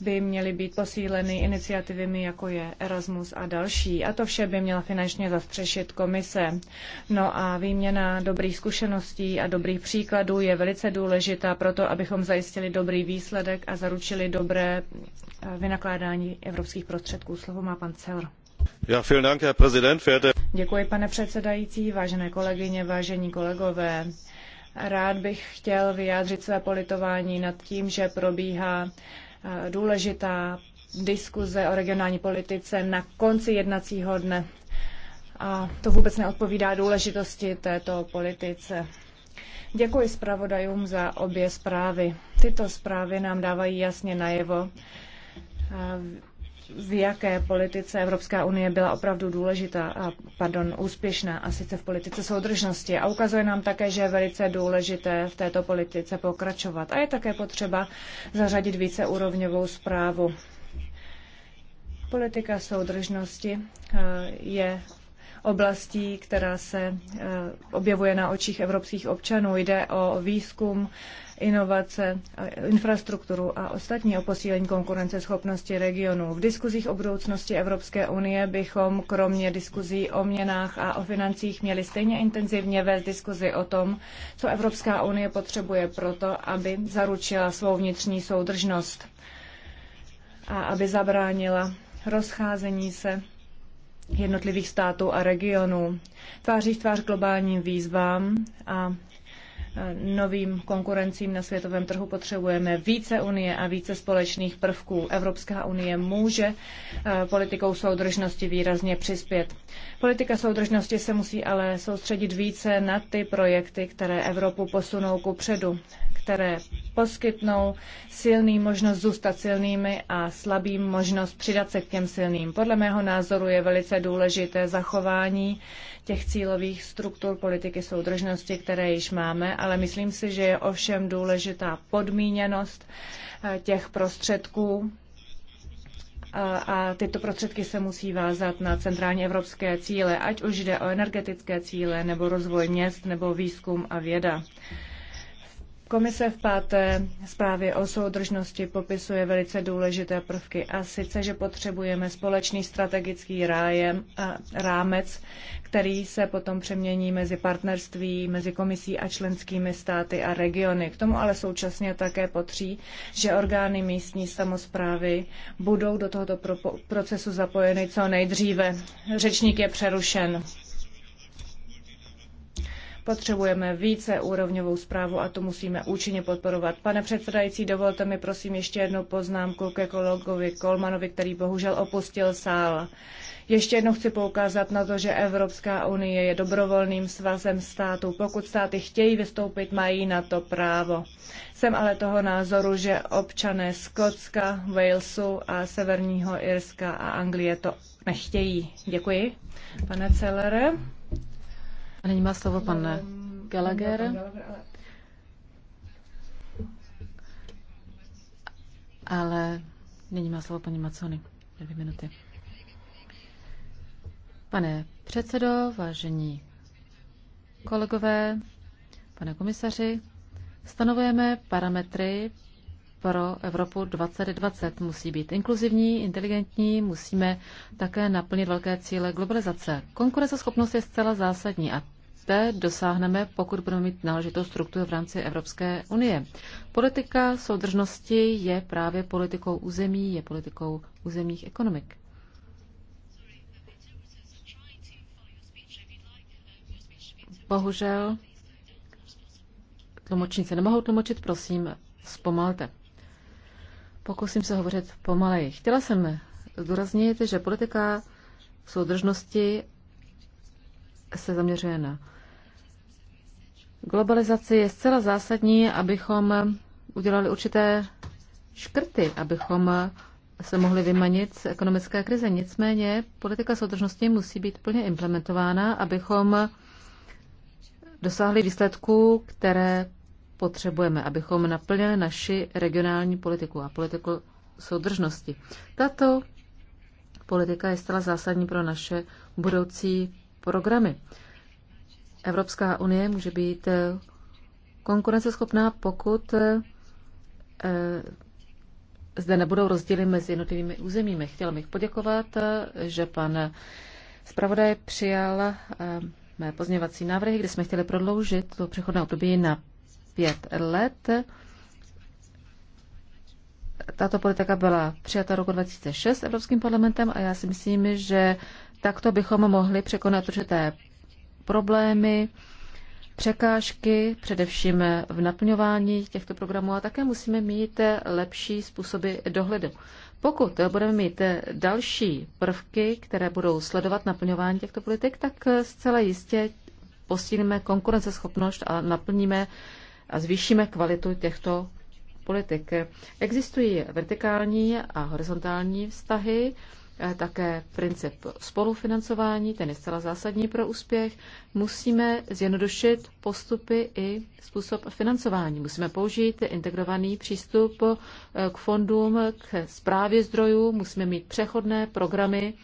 E: by měly být posíleny iniciativami, jako je Erasmus a další. A to vše by měla finančně zastřešit komise. No a výměna dobrých zkušeností a dobrých příkladů je velice důležitá pro to, abychom zajistili dobrý výsledek a zaručili dobré eh, vynakládání evropských prostředků. Slovo má pan Celr.
B: Ja, vielen Dank, Herr Präsident, verehrte...
E: Děkuji, pane předsedající, vážené kolegyně, vážení kolegové. Rád bych chtěl vyjádřit své politování nad tím, že probíhá Eh, důležitá diskuze o regionální politice na konci jednacího dne. A to vůbec neodpovídá důležitosti této politice. Děkuji zpravodajům za obě zprávy. Tyto zprávy nám dávají jasně najevo, eh, v jaké politice Evropská unie byla opravdu důležitá a pardon, úspěšná, a sice v politice soudržnosti. A ukazuje nám také, že je velice důležité v této politice pokračovat. A je také potřeba zařadit úrovňovou zprávu. Politika soudržnosti je oblastí, která se eh, objevuje na očích evropských občanů. Jde o výzkum, inovace, infrastrukturu a ostatní o posílení konkurenceschopnosti regionů. V diskuzích o budoucnosti Evropské unie bychom kromě diskuzí o měnách a o financích měli stejně intenzivně vést diskuzi o tom, co Evropská unie potřebuje proto, aby zaručila svou vnitřní soudržnost a aby zabránila rozcházení se jednotlivých států a regionů. Tváří v tvář globálním výzvám a e, novým konkurencím na světovém trhu potřebujeme více unie a více společných prvků. Evropská unie může e, politikou soudržnosti výrazně přispět. Politika soudržnosti se musí ale soustředit více na ty projekty, které Evropu posunou ku předu které poskytnou silným možnost zůstat silnými a slabým možnost přidat se k těm silným. Podle mého názoru je velice důležité zachování těch cílových struktur politiky soudržnosti, které již máme, ale myslím si, že je ovšem důležitá podmíněnost eh, těch prostředků, eh, a tyto prostředky se musí vázat na centrálně evropské cíle, ať už jde o energetické cíle, nebo rozvoj měst, nebo výzkum a věda. Komise v páté zprávě o soudržnosti popisuje velice důležité prvky a sice, že potřebujeme společný strategický rájem, rámec, který se potom přemění mezi partnerství, mezi komisí a členskými státy a regiony. K tomu ale současně také potří, že orgány místní samozprávy budou do tohoto procesu zapojeny co nejdříve. Řečník je přerušen. Potřebujeme více úrovňovou zprávu a to musíme účinně podporovat. Pane předsedající, dovolte mi prosím ještě jednu poznámku ke kolegovi Kolmanovi, který bohužel opustil sál. Ještě jednou chci poukázat na to, že Evropská unie je dobrovolným svazem států. Pokud státy chtějí vystoupit, mají na to právo. Jsem ale toho názoru, že občané Skotska, Walesu a Severního Irska a Anglie to nechtějí. Děkuji, pane
D: Celere. A nyní má slovo pan Gallagher. Ale nyní má slovo paní Macony. Dvě minuty. Pane předsedo, vážení kolegové, pane komisaři, stanovujeme parametry pro Evropu 2020 musí být inkluzivní, inteligentní, musíme také naplnit velké cíle globalizace. Konkurenceschopnost je zcela zásadní a té dosáhneme, pokud budeme mít náležitou strukturu v rámci Evropské unie. Politika soudržnosti je právě politikou území, je politikou územních ekonomik. Bohužel tlumočníci nemohou tlumočit, prosím, zpomalte. Pokusím se hovořit pomaleji. Chtěla jsem zdůraznit, že politika soudržnosti se zaměřuje na globalizaci. Je zcela zásadní, abychom udělali určité škrty, abychom se mohli vymanit z ekonomické krize. Nicméně politika soudržnosti musí být plně implementována, abychom dosáhli výsledků, které potřebujeme, abychom naplnili naši regionální politiku a politiku soudržnosti. Tato politika je zcela zásadní pro naše budoucí programy. Evropská unie může být konkurenceschopná, pokud eh, zde nebudou rozdíly mezi jednotlivými územími. Chtěl bych poděkovat, eh, že pan zpravodaj přijal eh, mé pozněvací návrhy, kde jsme chtěli prodloužit to přechodné období na pět let. Tato politika byla přijata roku 2006 Evropským parlamentem a já si myslím, že takto bychom mohli překonat určité problémy, překážky, především v naplňování těchto programů a také musíme mít lepší způsoby dohledu. Pokud budeme mít další prvky, které budou sledovat naplňování těchto politik, tak zcela jistě posílíme konkurenceschopnost a naplníme a zvýšíme kvalitu těchto politik. Existují vertikální a horizontální vztahy, e, také princip spolufinancování, ten je zcela zásadní pro úspěch. Musíme zjednodušit postupy i způsob financování. Musíme použít integrovaný přístup e, k fondům, k zprávě zdrojů, musíme mít přechodné programy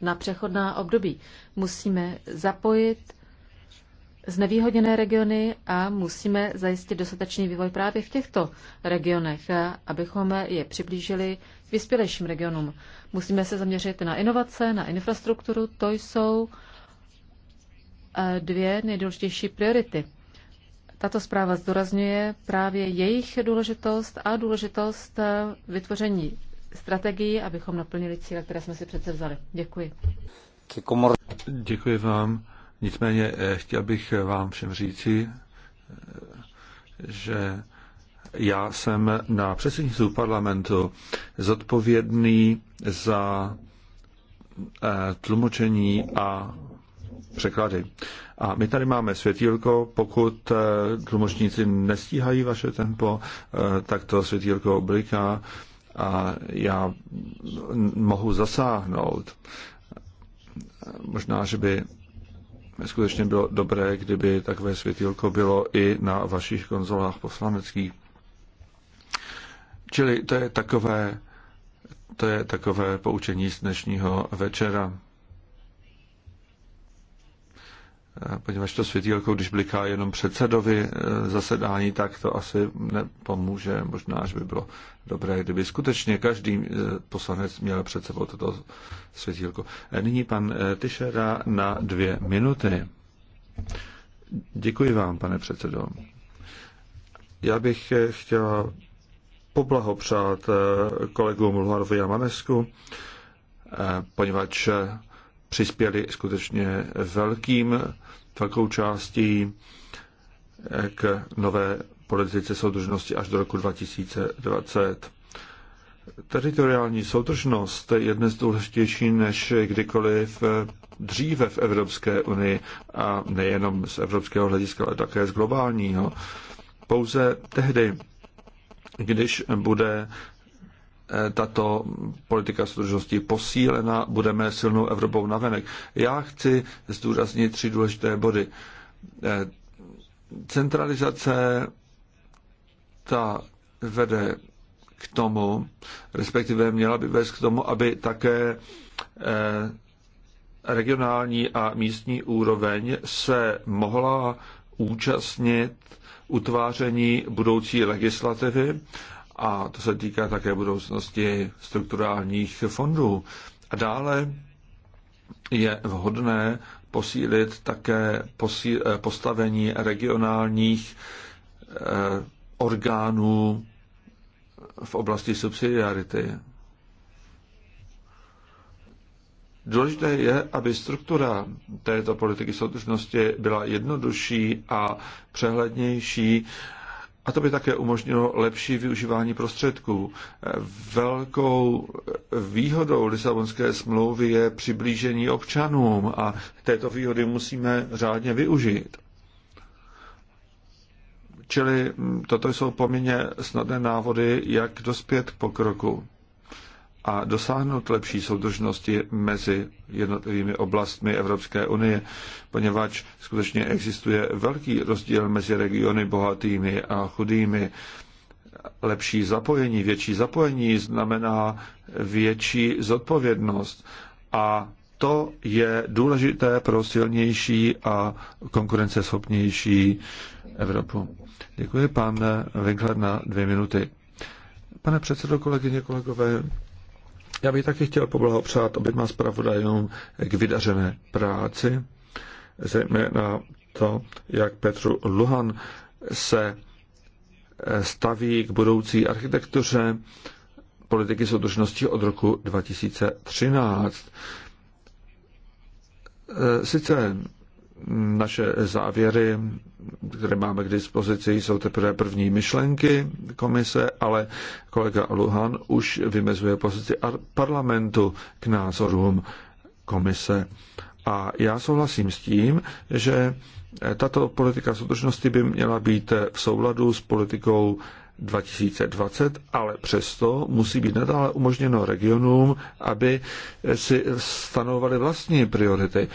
D: na přechodná období. Musíme zapojit znevýhodněné regiony a musíme zajistit dostatečný vývoj právě v těchto regionech, abychom je přiblížili k vyspělejším regionům. Musíme se zaměřit na inovace, na infrastrukturu, to jsou eh, dvě nejdůležitější priority. Tato zpráva zdůrazňuje právě jejich důležitost a důležitost eh, vytvoření strategií, abychom naplnili cíle, které jsme si přece vzali. Děkuji.
C: Děkuji vám. Nicméně eh, chtěl bych eh, vám všem říci, eh, že já jsem na předsednictvu parlamentu zodpovědný za tlumočení a překlady. A my tady máme světílko, pokud tlumočníci nestíhají vaše tempo, tak to světílko obliká a já mohu zasáhnout. Možná, že by skutečně bylo dobré, kdyby takové světilko bylo i na vašich konzolách poslaneckých. Čili to je takové, to je takové poučení z dnešního večera poněvadž to světílko, když bliká jenom předsedovi e, zasedání, tak to asi nepomůže. Možná, že by bylo dobré, kdyby skutečně každý e, poslanec měl před sebou toto světílko. E, nyní pan Tyšera na dvě minuty. Děkuji vám, pane předsedo. Já bych chtěl poblahopřát kolegům Luharovi a Manesku, poněvadž přispěli skutečně velkým, velkou částí eh, k nové politice soudržnosti až do roku 2020. Teritoriální soudržnost je dnes důležitější než kdykoliv eh, dříve v Evropské unii a nejenom z evropského hlediska, ale také z globálního. Pouze tehdy, když bude Eh, tato politika soudržnosti posílena, budeme silnou Evropou navenek. Já chci zdůraznit tři důležité body. Eh, centralizace ta vede k tomu, respektive měla by vést k tomu, aby také eh, regionální a místní úroveň se mohla účastnit utváření budoucí legislativy a to se týká také budoucnosti strukturálních fondů. A dále je vhodné posílit také posí, eh, postavení regionálních eh, orgánů v oblasti subsidiarity. Důležité je, aby struktura této politiky soudržnosti byla jednodušší a přehlednější a to by také umožnilo lepší využívání prostředků. Velkou výhodou Lisabonské smlouvy je přiblížení občanům a této výhody musíme řádně využít. Čili toto jsou poměrně snadné návody, jak dospět pokroku a dosáhnout lepší soudržnosti mezi jednotlivými oblastmi Evropské unie, poněvadž skutečně existuje velký rozdíl mezi regiony bohatými a chudými. Lepší zapojení, větší zapojení znamená větší zodpovědnost a to je důležité pro silnější a konkurenceschopnější Evropu. Děkuji, pan Winkler, na dvě minuty. Pane předsedo, kolegyně, kolegové, já bych taky chtěl poblahopřát oběma zpravodajům k vydařené práci, zejména to, jak Petru Luhan se staví k budoucí architektuře politiky soudržnosti od roku 2013. E, sice naše závěry, které máme k dispozici, jsou teprve první myšlenky komise, ale kolega Luhan už vymezuje pozici parlamentu k názorům komise. A já souhlasím s tím, že tato politika soudržnosti by měla být v souladu s politikou 2020, ale přesto musí být nadále umožněno regionům, aby si stanovali vlastní priority.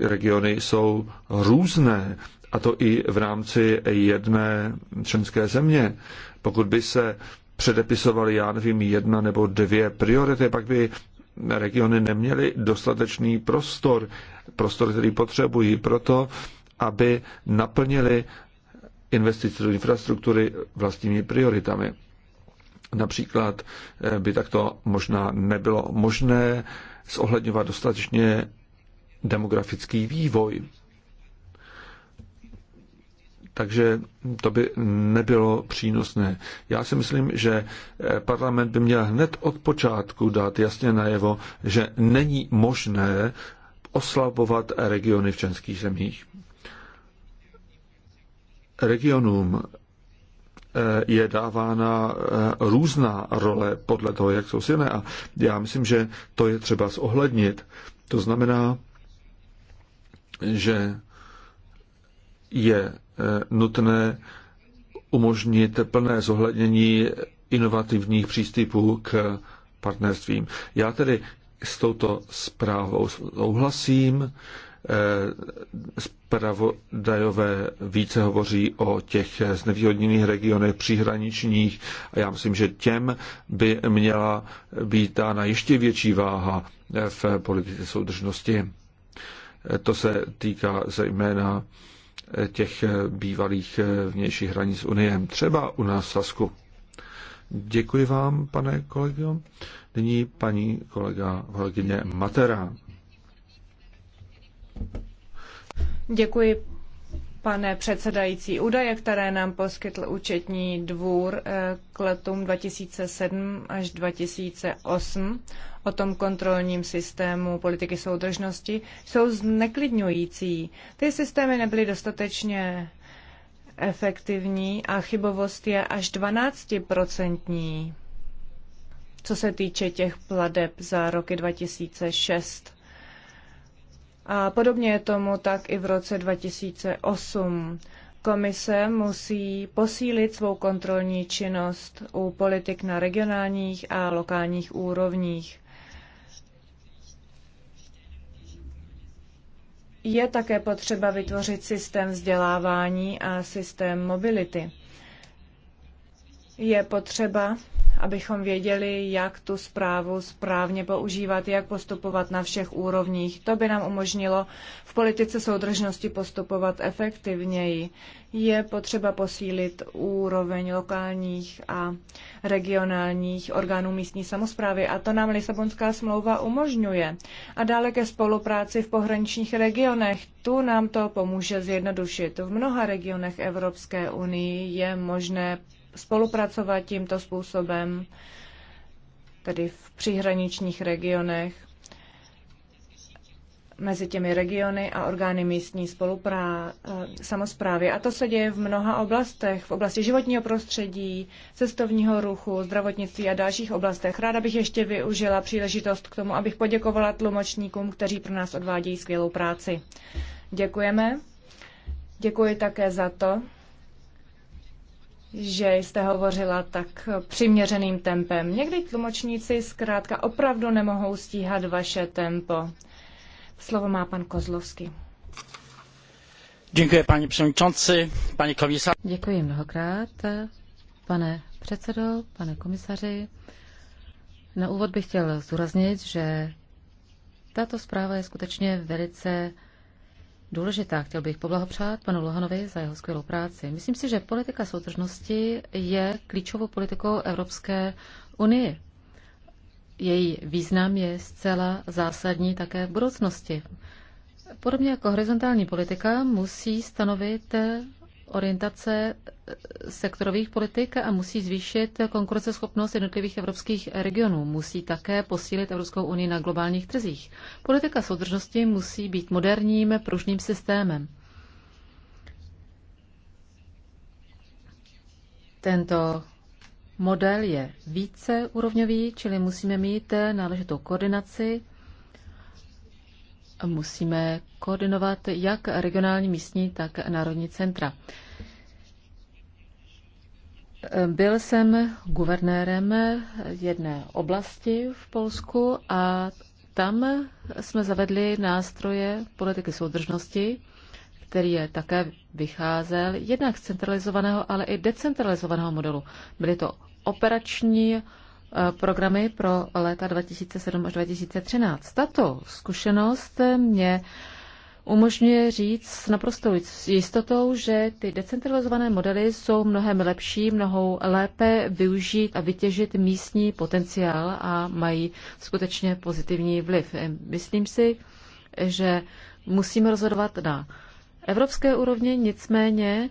C: Regiony jsou různé, a to i v rámci jedné členské země. Pokud by se předepisovali, já nevím, jedna nebo dvě priority, pak by regiony neměly dostatečný prostor, prostor, který potřebují proto, aby naplnili Investice do infrastruktury vlastními prioritami. Například eh, by takto možná nebylo možné zohledňovat dostatečně demografický vývoj. Takže to by nebylo přínosné. Já si myslím, že eh, parlament by měl hned od počátku dát jasně najevo, že není možné oslabovat regiony v českých zemích regionům eh, je dávána eh, různá role podle toho, jak jsou silné. A já myslím, že to je třeba zohlednit. To znamená, že je eh, nutné umožnit plné zohlednění inovativních přístupů k partnerstvím. Já tedy s touto zprávou souhlasím. Eh, zpravodajové více hovoří o těch znevýhodněných regionech příhraničních a já myslím, že těm by měla být dána ještě větší váha eh, v politice soudržnosti. Eh, to se týká zejména těch bývalých vnějších hranic Unie, třeba u nás v Sasku. Děkuji vám, pane kolego. Nyní paní kolega kolegyně Matera.
E: Děkuji, pane předsedající. Údaje, které nám poskytl účetní dvůr eh, k letům 2007 až 2008 o tom kontrolním systému politiky soudržnosti, jsou zneklidňující. Ty systémy nebyly dostatečně efektivní a chybovost je až 12%, co se týče těch pladeb za roky 2006 a podobně je tomu tak i v roce 2008. Komise musí posílit svou kontrolní činnost u politik na regionálních a lokálních úrovních. Je také potřeba vytvořit systém vzdělávání a systém mobility. Je potřeba abychom věděli, jak tu zprávu správně používat, jak postupovat na všech úrovních. To by nám umožnilo v politice soudržnosti postupovat efektivněji. Je potřeba posílit úroveň lokálních a regionálních orgánů místní samozprávy a to nám Lisabonská smlouva umožňuje. A dále ke spolupráci v pohraničních regionech. Tu nám to pomůže zjednodušit. V mnoha regionech Evropské unii je možné spolupracovat tímto způsobem, tedy v příhraničních regionech, mezi těmi regiony a orgány místní spoluprá- eh, samozprávy. A to se děje v mnoha oblastech, v oblasti životního prostředí, cestovního ruchu, zdravotnictví a dalších oblastech. Ráda bych ještě využila příležitost k tomu, abych poděkovala tlumočníkům, kteří pro nás odvádějí skvělou práci. Děkujeme. Děkuji také za to, že jste hovořila tak přiměřeným tempem. Někdy tlumočníci zkrátka opravdu nemohou stíhat vaše tempo. Slovo má pan Kozlovský.
D: Děkuji, paní předsedající, paní komisař. Děkuji mnohokrát, pane předsedo, pane komisaři. Na úvod bych chtěl zdůraznit, že tato zpráva je skutečně velice důležitá. Chtěl bych poblahopřát panu Lohanovi za jeho skvělou práci. Myslím si, že politika soudržnosti je klíčovou politikou Evropské unie. Její význam je zcela zásadní také v budoucnosti. Podobně jako horizontální politika musí stanovit orientace eh, sektorových politik a musí zvýšit konkurenceschopnost jednotlivých evropských regionů. Musí také posílit Evropskou unii na globálních trzích. Politika soudržnosti musí být moderním pružným systémem. Tento model je více úrovňový, čili musíme mít eh, náležitou koordinaci musíme koordinovat jak regionální místní, tak národní centra. Byl jsem guvernérem jedné oblasti v Polsku a tam jsme zavedli nástroje politiky soudržnosti, který je také vycházel jednak z centralizovaného, ale i decentralizovaného modelu. Byly to operační Eh, programy pro léta 2007 až 2013. Tato zkušenost mě umožňuje říct s naprostou jistotou, že ty decentralizované modely jsou mnohem lepší, mnohou lépe využít a vytěžit místní potenciál a mají skutečně pozitivní vliv. Myslím si, že musíme rozhodovat na evropské úrovni, nicméně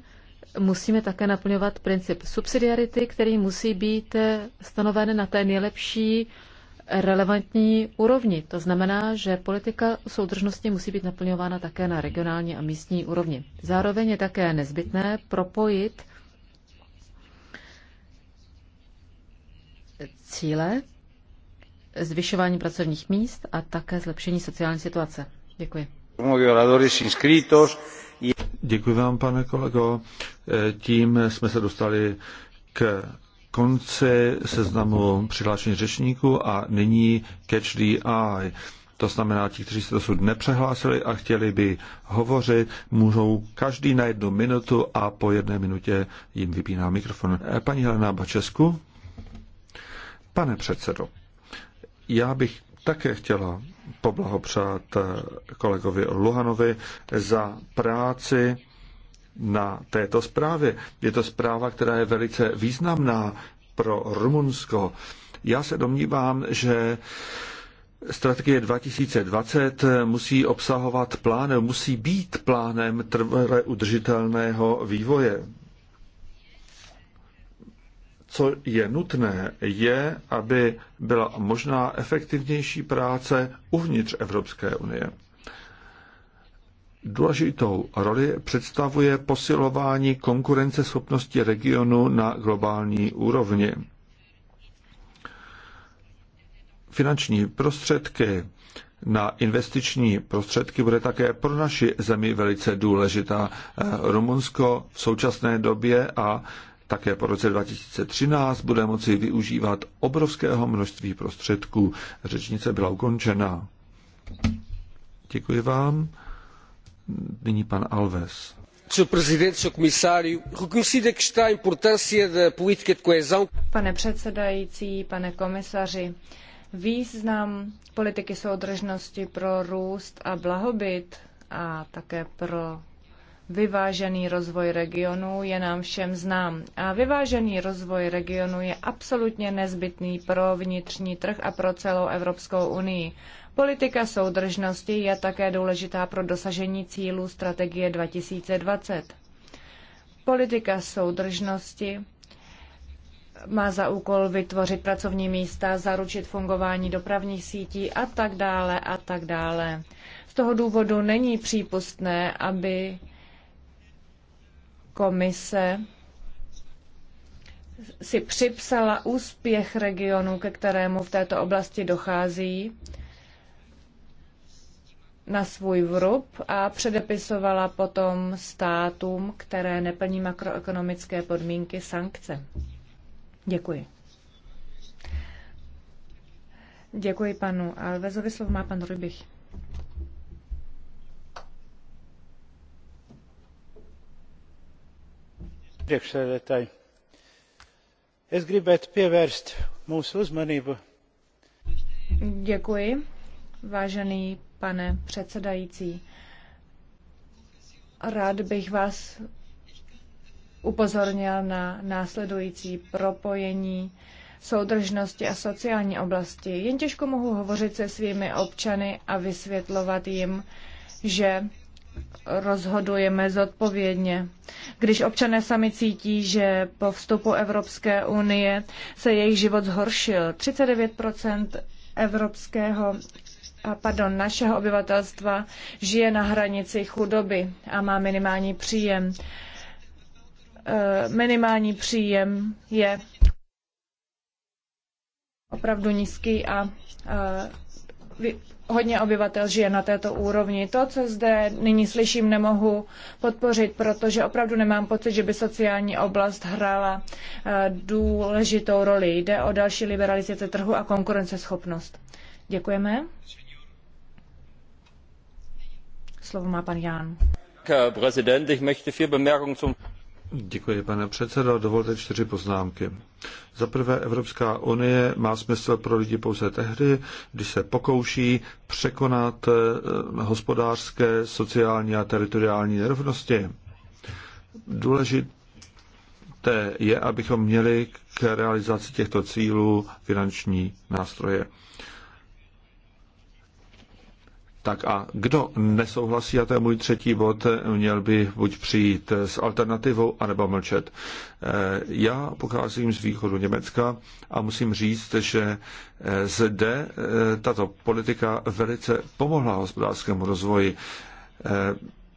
D: musíme také naplňovat princip subsidiarity, který musí být stanoven na té nejlepší relevantní úrovni. To znamená, že politika soudržnosti musí být naplňována také na regionální a místní úrovni. Zároveň je také nezbytné propojit cíle zvyšování pracovních míst a také zlepšení sociální situace. Děkuji.
C: Děkuji vám, pane kolego. Tím jsme se dostali k konci seznamu přihlášených řečníků a nyní catch the eye. To znamená, ti, kteří se dosud nepřehlásili a chtěli by hovořit, můžou každý na jednu minutu a po jedné minutě jim vypíná mikrofon. Paní Helena Bačesku. Pane předsedo, já bych také chtěla poblahopřát eh, kolegovi Luhanovi za práci na této zprávě. Je to zpráva, která je velice významná pro Rumunsko. Já se domnívám, že strategie 2020 musí obsahovat plán, musí být plánem trvale udržitelného vývoje co je nutné, je, aby byla možná efektivnější práce uvnitř Evropské unie. Důležitou roli představuje posilování konkurenceschopnosti regionu na globální úrovni. Finanční prostředky na investiční prostředky bude také pro naši zemi velice důležitá. Rumunsko v současné době a také po roce 2013 bude moci využívat obrovského množství prostředků. Řečnice byla ukončena. Děkuji vám. Nyní pan Alves.
E: Pane předsedající, pane komisaři, význam politiky soudržnosti pro růst a blahobyt a také pro vyvážený rozvoj regionu je nám všem znám. A vyvážený rozvoj regionu je absolutně nezbytný pro vnitřní trh a pro celou Evropskou unii. Politika soudržnosti je také důležitá pro dosažení cílů strategie 2020. Politika soudržnosti má za úkol vytvořit pracovní místa, zaručit fungování dopravních sítí a tak dále a tak dále. Z toho důvodu není přípustné, aby komise si připsala úspěch regionu, ke kterému v této oblasti dochází, na svůj vrub a předepisovala potom státům, které neplní makroekonomické podmínky, sankce. Děkuji. Děkuji panu Alvezovi. Slovo má pan Rybich.
B: Priekšsēdētāji,
A: es gribētu pievērst mūsu uzmanību.
E: Děkuji, vážený pane předsedající. Rád bych vás upozornil na následující propojení soudržnosti a sociální oblasti. Jen těžko mohu hovořit se svými občany a vysvětlovat jim, že rozhodujeme zodpovědně. Když občané sami cítí, že po vstupu Evropské unie se jejich život zhoršil, 39 evropského a pardon, našeho obyvatelstva žije na hranici chudoby a má minimální příjem. E, minimální příjem je opravdu nízký a e, hodně obyvatel žije na této úrovni. To, co zde nyní slyším, nemohu podpořit, protože opravdu nemám pocit, že by sociální oblast hrála eh, důležitou roli. Jde o další liberalizaci trhu a konkurenceschopnost. Děkujeme. Slovo má pan Jan.
C: Herr Präsident, ich möchte vier Bemerkungen zum Děkuji, pane předsedo. Dovolte čtyři poznámky. Za prvé, Evropská unie má smysl pro lidi pouze tehdy, když se pokouší překonat eh, hospodářské, sociální a teritoriální nerovnosti. Důležité je, abychom měli k realizaci těchto cílů finanční nástroje. Tak a kdo nesouhlasí, a to je můj třetí bod, měl by buď přijít s alternativou, anebo mlčet. Eh, já pocházím z východu Německa a musím říct, že eh, zde eh, tato politika velice pomohla hospodářskému rozvoji.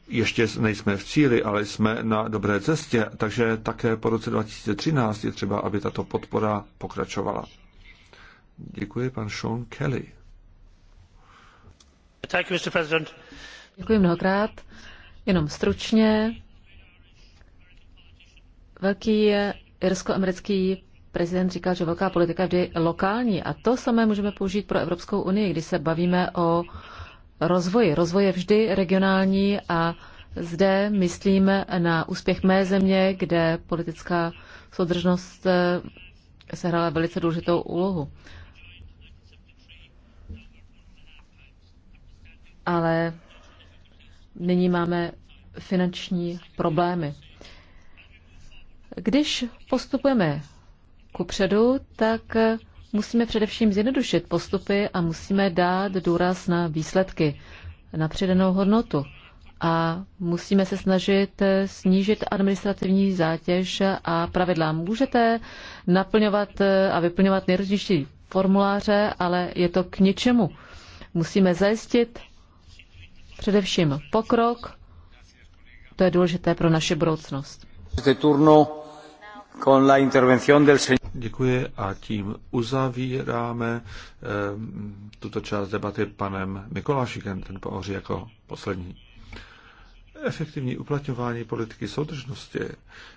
C: Ještě nejsme v cíli, ale jsme na dobré cestě, takže také po roce 2013 je třeba, aby tato podpora pokračovala. Děkuji, pan Sean Kelly.
D: Děkuji mnohokrát. Jenom stručně. Velký irsko-americký prezident říkal, že velká politika je vždy lokální a to samé můžeme použít pro Evropskou unii, když se bavíme o rozvoji. Rozvoj je vždy regionální a zde myslím na úspěch mé země, kde politická soudržnost eh, sehrála velice důležitou úlohu. ale nyní máme finanční problémy. Když postupujeme kupředu, tak musíme především zjednodušit postupy a musíme dát důraz na výsledky, na přidanou hodnotu. A musíme se snažit snížit administrativní zátěž a pravidla. Můžete naplňovat a vyplňovat nejrůznější formuláře, ale je to k ničemu. Musíme zajistit především pokrok, to je důležité pro naši budoucnost.
C: Děkuji a tím uzavíráme eh, tuto část debaty panem Mikolášikem, ten pohoří jako poslední. Efektivní uplatňování politiky soudržnosti,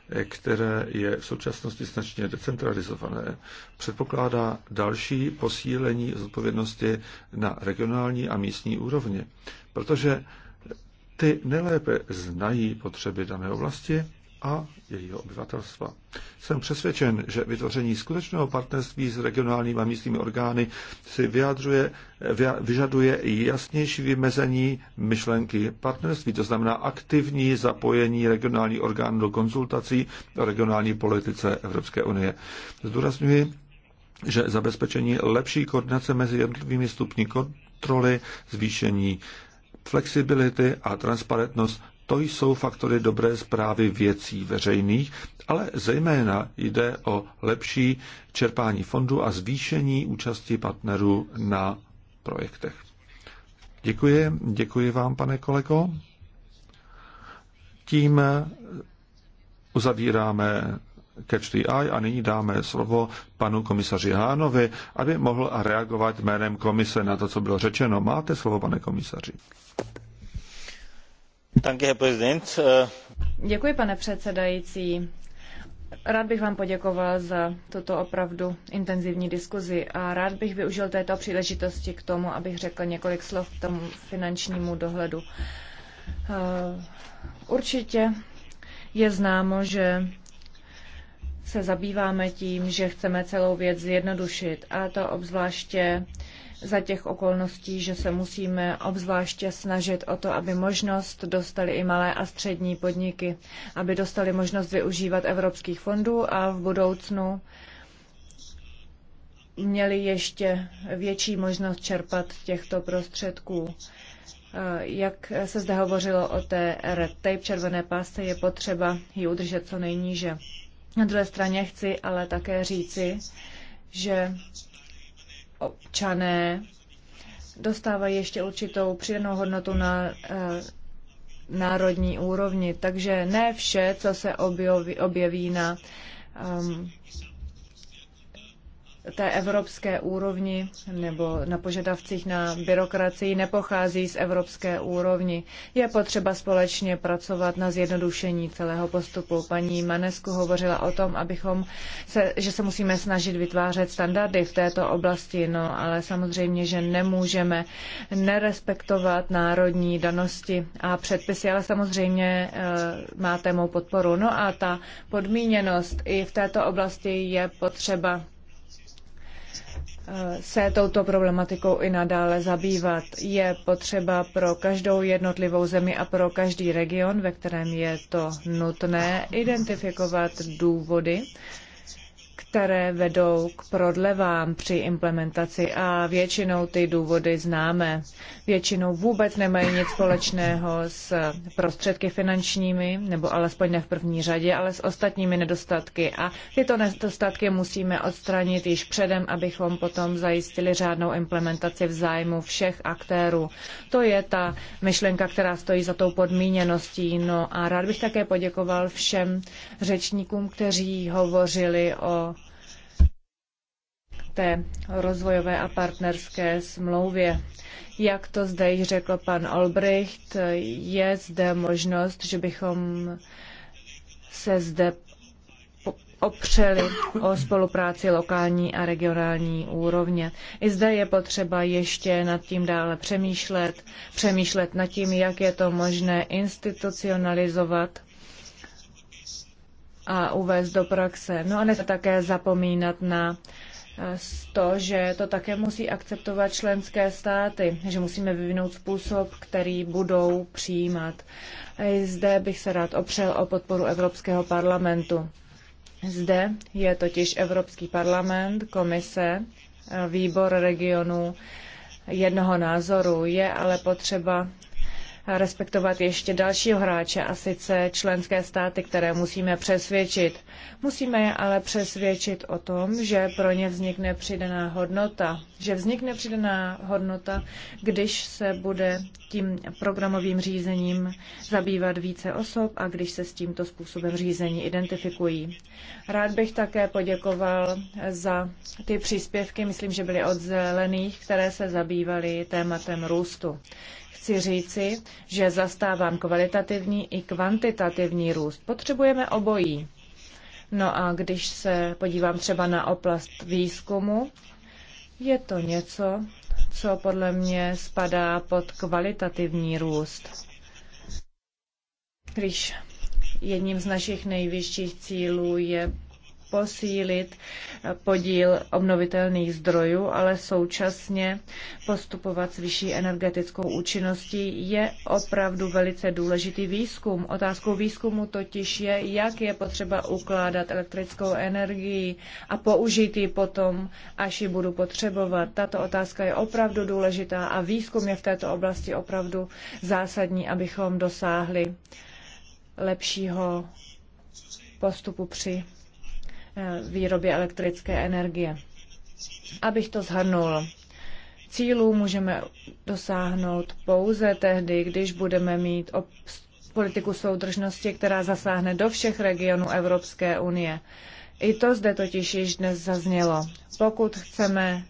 C: eh, které je v současnosti značně decentralizované, předpokládá další posílení zodpovědnosti na regionální a místní úrovni, protože ty nejlépe znají potřeby dané oblasti a jejího obyvatelstva. Jsem přesvědčen, že vytvoření skutečného partnerství s regionálními a místními orgány si vyjadřuje, vyžaduje jasnější vymezení myšlenky partnerství, to znamená aktivní zapojení regionálních orgánů do konzultací o regionální politice Evropské unie. Zdůrazňuji, že zabezpečení lepší koordinace mezi jednotlivými stupni kontroly, zvýšení flexibility a transparentnost to jsou faktory dobré zprávy věcí veřejných, ale zejména jde o lepší čerpání fondu a zvýšení účasti partnerů na projektech. Děkuji, děkuji vám, pane kolego. Tím uzavíráme Catch the Eye a nyní dáme slovo panu komisaři Hánovi, aby mohl reagovat jménem komise na to, co bylo řečeno. Máte slovo, pane komisaři.
E: Děkuji, pane předsedající. Rád bych vám poděkoval za tuto opravdu intenzivní diskuzi a rád bych využil této příležitosti k tomu, abych řekl několik slov k tomu finančnímu dohledu. Eh, určitě je známo, že se zabýváme tím, že chceme celou věc zjednodušit a to obzvláště za těch okolností, že se musíme obzvláště snažit o to, aby možnost dostali i malé a střední podniky, aby dostali možnost využívat evropských fondů a v budoucnu měli ještě větší možnost čerpat těchto prostředků. Jak se zde hovořilo o té red tape, červené pásce, je potřeba ji udržet co nejníže. Na druhé straně chci ale také říci, že občané dostávají ještě určitou přidanou hodnotu na eh, národní úrovni. Takže ne vše, co se objeví, objeví na um, té evropské úrovni nebo na požadavcích na byrokracii nepochází z evropské úrovni. Je potřeba společně pracovat na zjednodušení celého postupu. Paní Manesku hovořila o tom, abychom se, že se musíme snažit vytvářet standardy v této oblasti, no ale samozřejmě, že nemůžeme nerespektovat národní danosti a předpisy, ale samozřejmě e, máte mou podporu. No a ta podmíněnost i v této oblasti je potřeba se touto problematikou i nadále zabývat. Je potřeba pro každou jednotlivou zemi a pro každý region, ve kterém je to nutné, identifikovat důvody, které vedou k prodlevám při implementaci a většinou ty důvody známe. Většinou vůbec nemají nic společného s prostředky finančními, nebo alespoň ne v první řadě, ale s ostatními nedostatky. A tyto nedostatky musíme odstranit již předem, abychom potom zajistili řádnou implementaci v zájmu všech aktérů. To je ta myšlenka, která stojí za tou podmíněností. No a rád bych také poděkoval všem řečníkům, kteří hovořili o té rozvojové a partnerské smlouvě. Jak to zde již řekl pan Olbricht, je zde možnost, že bychom se zde opřeli o spolupráci lokální a regionální úrovně. I zde je potřeba ještě nad tím dále přemýšlet, přemýšlet nad tím, jak je to možné institucionalizovat a uvést do praxe. No a ne také zapomínat na to, že to také musí akceptovat členské státy, že musíme vyvinout způsob, který budou přijímat. zde bych se rád opřel o podporu Evropského parlamentu. Zde je totiž Evropský parlament, komise, výbor regionu jednoho názoru. Je ale potřeba respektovat ještě dalšího hráče, a sice členské státy, které musíme přesvědčit. Musíme je ale přesvědčit o tom, že pro ně vznikne přidaná hodnota. Že vznikne přidaná hodnota, když se bude tím programovým řízením zabývat více osob a když se s tímto způsobem řízení identifikují. Rád bych také poděkoval za ty příspěvky, myslím, že byly od zelených, které se zabývaly tématem růstu chci říci, že zastávám kvalitativní i kvantitativní růst. Potřebujeme obojí. No a když se podívám třeba na oblast výzkumu, je to něco, co podle mě spadá pod kvalitativní růst. Když jedním z našich nejvyšších cílů je posílit podíl obnovitelných zdrojů, ale současně postupovat s vyšší energetickou účinností je opravdu velice důležitý výzkum. Otázkou výzkumu totiž je, jak je potřeba ukládat elektrickou energii a použít ji potom, až ji budu potřebovat. Tato otázka je opravdu důležitá a výzkum je v této oblasti opravdu zásadní, abychom dosáhli lepšího postupu při Eh, výrobě elektrické energie. Abych to zhrnul, cílů můžeme dosáhnout pouze tehdy, když budeme mít politiku soudržnosti, která zasáhne do všech regionů Evropské unie. I to zde totiž již dnes zaznělo. Pokud chceme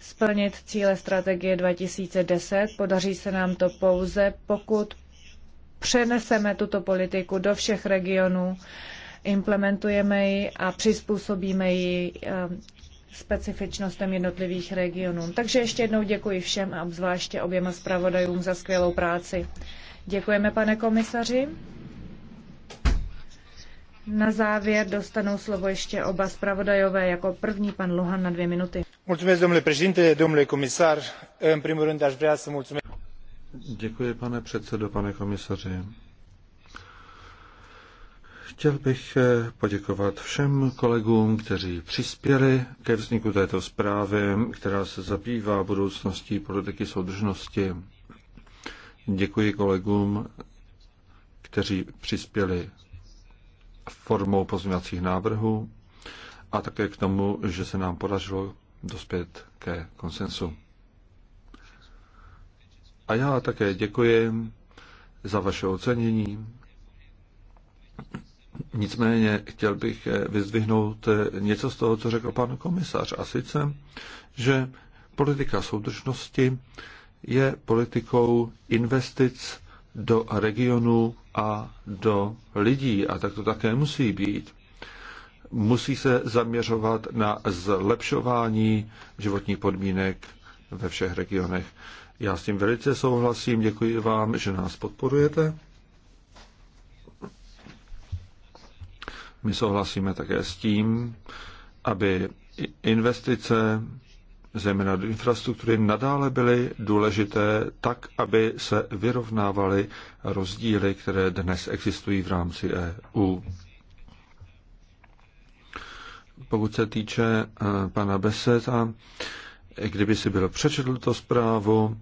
E: splnit cíle strategie 2010, podaří se nám to pouze, pokud přeneseme tuto politiku do všech regionů implementujeme ji a přizpůsobíme ji eh, specifičnostem jednotlivých regionů. Takže ještě jednou děkuji všem a obzvláště oběma zpravodajům za skvělou práci. Děkujeme, pane komisaři. Na závěr dostanou slovo ještě oba zpravodajové, jako první pan Lohan na dvě minuty.
B: Mulțumesc, domnule președinte, domnule comisar. În primul rând aș vrea să mulțumesc.
C: Děkuji, pane předsedo, pane komisaři. Chtěl bych eh, poděkovat všem kolegům, kteří přispěli ke vzniku této zprávy, která se zabývá budoucností politiky soudržnosti. Děkuji kolegům, kteří přispěli formou pozměňovacích návrhů a také k tomu, že se nám podařilo dospět ke konsensu. A já také děkuji za vaše ocenění Nicméně chtěl bych eh, vyzdvihnout eh, něco z toho, co řekl pan komisař, a sice, že politika soudržnosti je politikou investic do regionu a do lidí. A tak to také musí být. Musí se zaměřovat na zlepšování životních podmínek ve všech regionech. Já s tím velice souhlasím. Děkuji vám, že nás podporujete. My souhlasíme také s tím, aby investice zejména do infrastruktury, nadále byly důležité tak, aby se vyrovnávaly rozdíly, které dnes existují v rámci EU. Pokud se týče eh, pana Beseta, kdyby si byl přečetl to zprávu,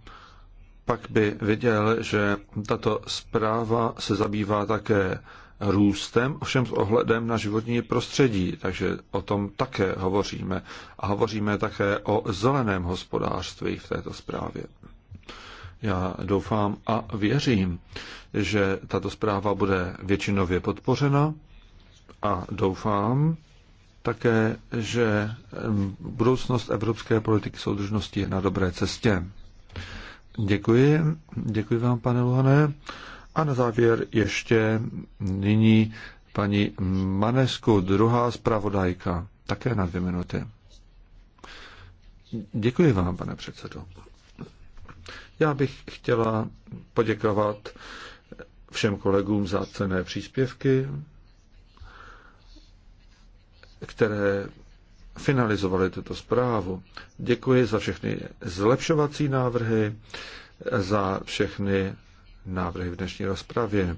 C: pak by viděl, že tato zpráva se zabývá také růstem, ovšem s ohledem na životní prostředí. Takže o tom také hovoříme. A hovoříme také o zeleném hospodářství v této zprávě. Já doufám a věřím, že tato zpráva bude většinově podpořena a doufám také, že budoucnost evropské politiky soudržnosti je na dobré cestě. Děkuji. Děkuji vám, pane Luhané. A na závěr ještě nyní paní Manesku, druhá zpravodajka, také na dvě minuty. Děkuji vám, pane předsedo. Já bych chtěla poděkovat všem kolegům za cené příspěvky, které finalizovali tuto zprávu. Děkuji za všechny zlepšovací návrhy, za všechny návrhy v dnešní rozpravě.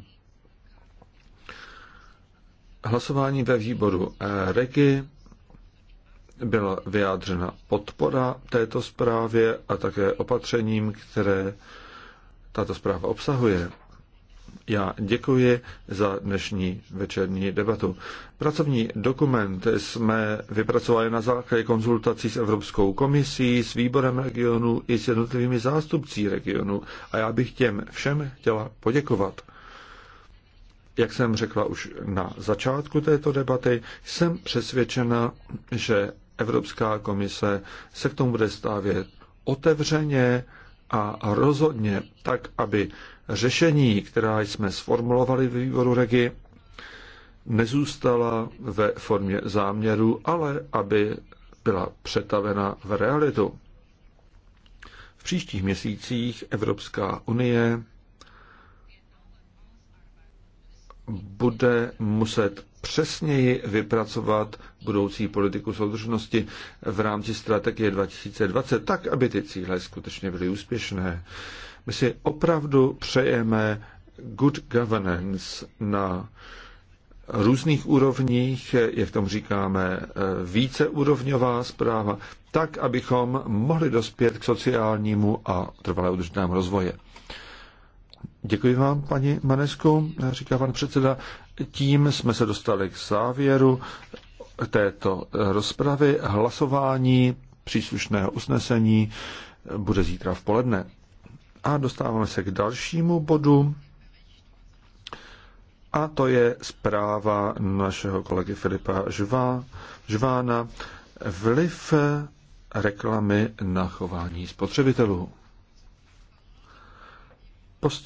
C: Hlasování ve výboru eh, REGI byla vyjádřena podpora této zprávě a také opatřením, které tato zpráva obsahuje. Já děkuji za dnešní večerní debatu. Pracovní dokument jsme vypracovali na základě konzultací s Evropskou komisí, s výborem regionu i s jednotlivými zástupcí regionu a já bych těm všem chtěla poděkovat. Jak jsem řekla už na začátku této debaty, jsem přesvědčena, že Evropská komise se k tomu bude stavět otevřeně a rozhodně tak, aby řešení, která jsme sformulovali ve výboru Regi, nezůstala ve formě záměru, ale aby byla přetavena v realitu. V příštích měsících Evropská unie bude muset přesněji vypracovat budoucí politiku soudržnosti v rámci strategie 2020, tak, aby ty cíle skutečně byly úspěšné. My si opravdu přejeme good governance na různých úrovních, jak tomu říkáme, víceúrovňová zpráva, tak, abychom mohli dospět k sociálnímu a trvalé udržitelnému rozvoje. Děkuji vám, paní Manesku, říká pan předseda. Tím jsme se dostali k závěru této rozpravy. Hlasování příslušného usnesení bude zítra v poledne. A dostáváme se k dalšímu bodu. A to je zpráva našeho kolegy Filipa Žvá, Žvána. Vliv reklamy na chování spotřebitelů.